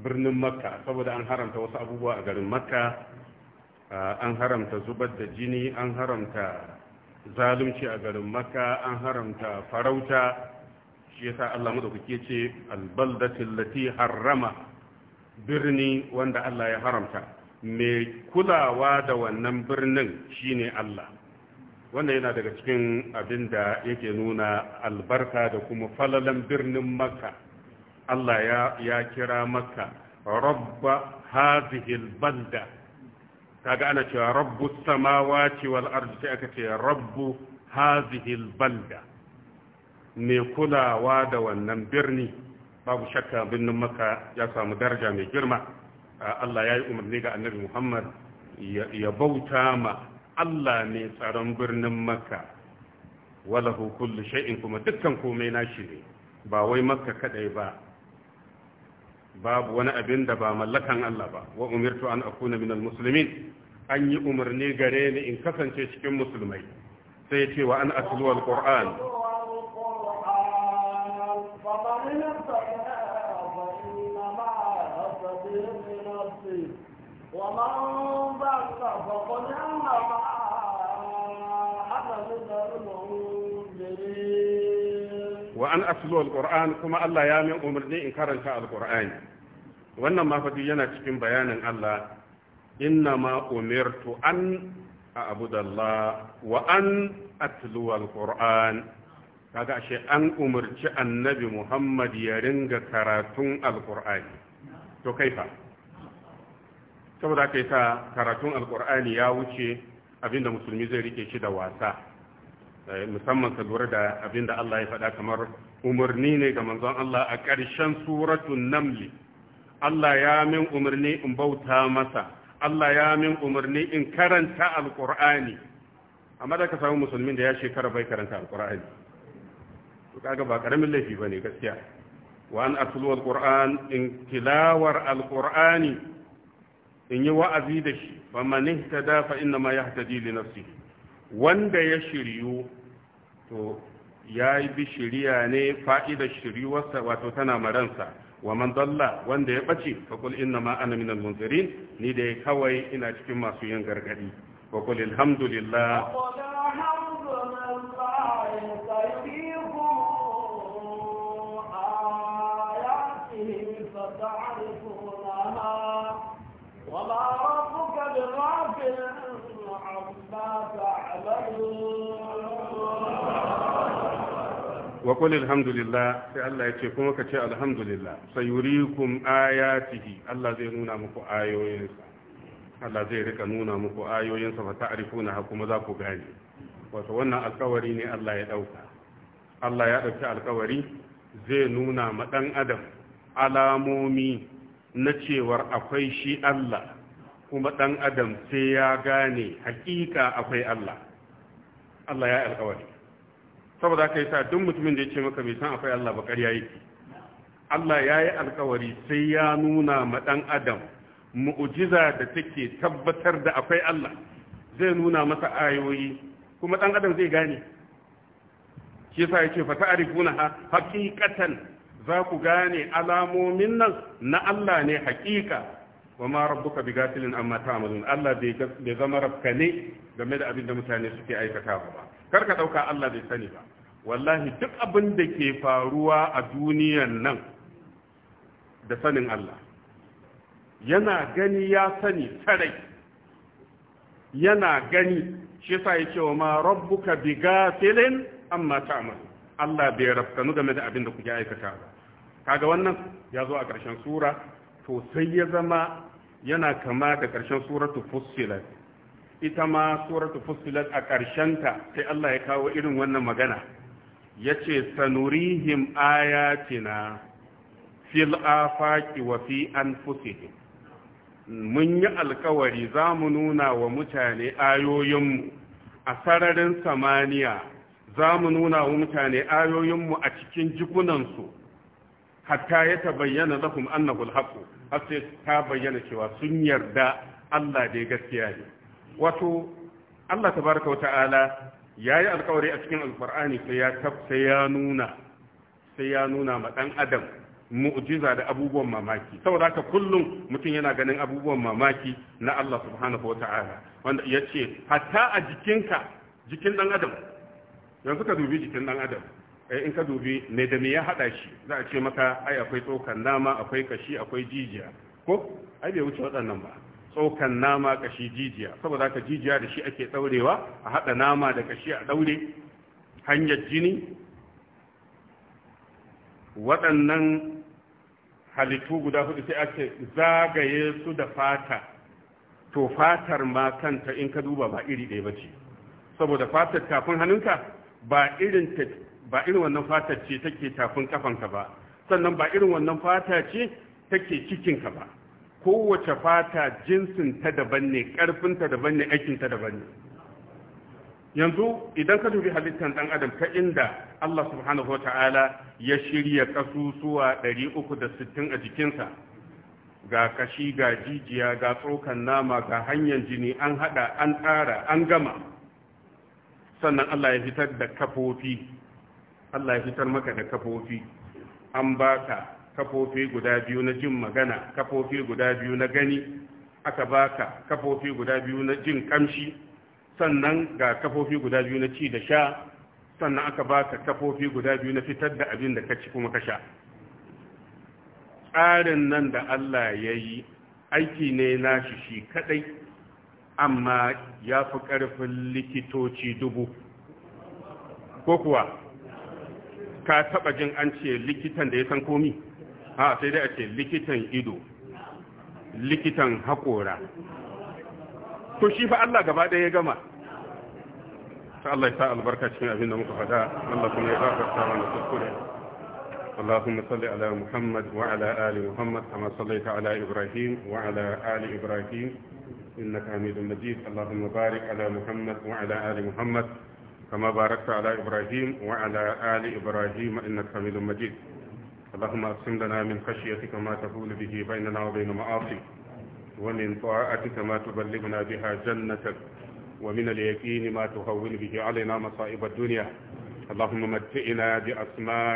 B: birnin makka saboda an haramta wasu abubuwa a garin makka uh, an haramta zubar da jini an haramta zalunci a garin makka an haramta farauta shi yasa Allah madaukake ce albaldati allati harrama birni wanda Allah ya haramta mai kulawa da wannan birnin shine Allah wannan yana daga cikin abin da yake nuna albarka da kuma falalan birnin makka Allah ya kira maka rabba hazihil balda kaga ana cewa rabbu samawati wal ardi sai aka ce rabbu hazihil balda mai kulawa da wannan birni babu shakka birnin maka ya samu daraja mai girma Allah ya yi umarni ga annabi Muhammad ya bauta ma Allah ne tsaron birnin maka walahu kullu shay'in kuma dukkan komai nashi ne ba wai maka kadai ba babu wani abin da ba mallakan Allah ba wa umirtu an akuna minal muslimin an yi umarni gare ni in kasance cikin musulmai sai ya ce wa an qur'an
A: ومن فقد ما حدث
B: wa an aslu alquran kuma Allah ya min umarni in karanta alquran wannan ma fadi yana cikin bayanin Allah inna ma umirtu an a'budallah wa an atlu alquran kaga ashe an umarci annabi Muhammad ya ringa karatun alquran to kaifa saboda kai sa karatun alqur'ani ya wuce abinda musulmi zai rike shi da wasa Eh, musamman ka lura da abin da Allah ya faɗa kamar umarni ne ga manzon Allah a ƙarshen suratun namli Allah ya min umarni in bauta masa Allah ya min umarni in karanta alƙur'ani amma da ka samu musulmin da ya shekara bai karanta alƙur'ani to kaga ba karamin laifi bane gaskiya wa an atlu alquran in tilawar alqurani in yi wa'azi da shi fa man ihtada fa inna ma yahtadi li nafsihi wanda ya shiryu to ya yi bi shirya ne fa'idar shiryuwarsa wato tana maransa wa man dalla wanda ya ɓace faƙul inna ma ana minal munzirin ni da kawai ina cikin masu yin gargaɗi faƙul alhamdulillah wa qul alhamdulillah sai Allah ya ce kuma ka ce alhamdulillah sayurikum ayatihi Allah zai nuna muku ayoyinsa Allah zai rika nuna muku ayoyinsa fa ta'rifuna ha kuma za ku gane wato wannan alkawari ne Allah ya dauka Allah ya dauki alkawari zai nuna ma dan adam alamomi na cewar akwai shi Allah kuma ɗan adam sai ya gane hakika akwai Allah Allah ya alƙawari saboda kai sa duk mutumin da ya ce maka bai san akwai Allah ba ƙarya yake Allah ya yi alƙawari sai ya nuna ma ɗan adam mu'ujiza da take tabbatar da akwai Allah zai nuna masa ayoyi kuma ɗan adam zai gane shi yasa yake fa ta'rifuna haqiqatan za ku gane alamomin nan na Allah ne haqiqa wa ma rabbuka bi gafilin amma ta'malun Allah bai zama rabka ne game da abin da mutane suke aikata ba kar ka dauka Allah bai sani ba wallahi duk abin da ke faruwa a duniyan nan da sanin Allah yana gani ya sani sarai yana gani shi yasa yake wa ma rabbuka bi gafilin amma ta'malun Allah bai rabkanu game da abin da kuke aikata ba kaga wannan ya zo a ƙarshen sura to sai ya zama yana kama da ƙarshen suratu fusilat ita ma suratu fusilat a ƙarshenta sai Allah ya kawo irin wannan magana ya ce sanurihim ayatina fil afaki wa fi anfusihim mun yi alkawari za mu nuna wa mutane ayoyinmu a sararin samaniya za mu nuna wa mutane ayoyinmu a cikin jikunansu hatta ya tabayyana lahum annahu alhaqu har sai ta bayyana cewa sun yarda Allah da gaskiya ne wato Allah tabaraka wa ta'ala yayi alƙawari a cikin alqur'ani sai ya nuna sai ya nuna ma dan adam mu'jiza da abubuwan mamaki saboda haka kullum mutum yana ganin abubuwan mamaki na Allah subhanahu wa ta'ala wanda yace hatta a jikinka jikin dan adam yanzu ka dubi jikin dan adam Eh, in ka dubi ne da me ya hada shi za a ce maka ai akwai tsokan nama akwai kashi akwai jijiya ko ai bai wuce waɗannan ba tsokan nama kashi jijiya saboda ka jijiya da shi ake daurewa a hada nama da kashi a daure hanyar jini waɗannan halittu guda hudu sai ake zagaye su da fata to fatar ma kanta in ka duba ba iri ɗaya ba ce saboda fatar kafin hannunka ba irin ba irin wannan fatar ce take tafin kafanka ba sannan ba irin wannan fata ce take cikinka ba kowace fata jinsin ta daban ne karfin ta daban ne aikin ta daban ne yanzu idan ka dubi halittar dan adam ta inda Allah subhanahu wataala ya shirya kasusuwa 360 a jikinsa ga kashi ga jijiya ga tsokan nama ga hanyar jini an hada an tsara an gama sannan Allah ya fitar da kafofi Allah ya fitar maka da kafofi an baka kafofi guda biyu na jin magana kafofi guda biyu na gani aka baka kafofi guda biyu na jin kamshi sannan ga kafofi guda biyu na ci da sha sannan aka baka kafofi guda biyu na fitar da abin da ka ci kuma ka sha tsarin nan da Allah ya yi aiki ne na shi shi kadai amma ya fi ƙarfin likitoci dubu ko kuwa ka taba jin an ce likitan da ya san komi Ha sai dai a ce likitan ido likitan haƙora to shi fa Allah gaba ɗaya ya gama ta Allah ya sa albarka cikin abin da muka faɗa Allah kuma ya gafarta mana kuskure اللهم صل على محمد وعلى آل محمد كما صليت على إبراهيم وعلى آل إبراهيم إنك حميد مجيد اللهم بارك على محمد وعلى آل محمد كما باركت على إبراهيم وعلى آل إبراهيم إنك حميد مجيد اللهم أقسم لنا من خشيتك ما تفول به بيننا وبين معاصيك ومن طاعتك ما تبلغنا بها جنتك ومن اليقين ما تهون به علينا مصائب الدنيا اللهم متئنا بأسمائك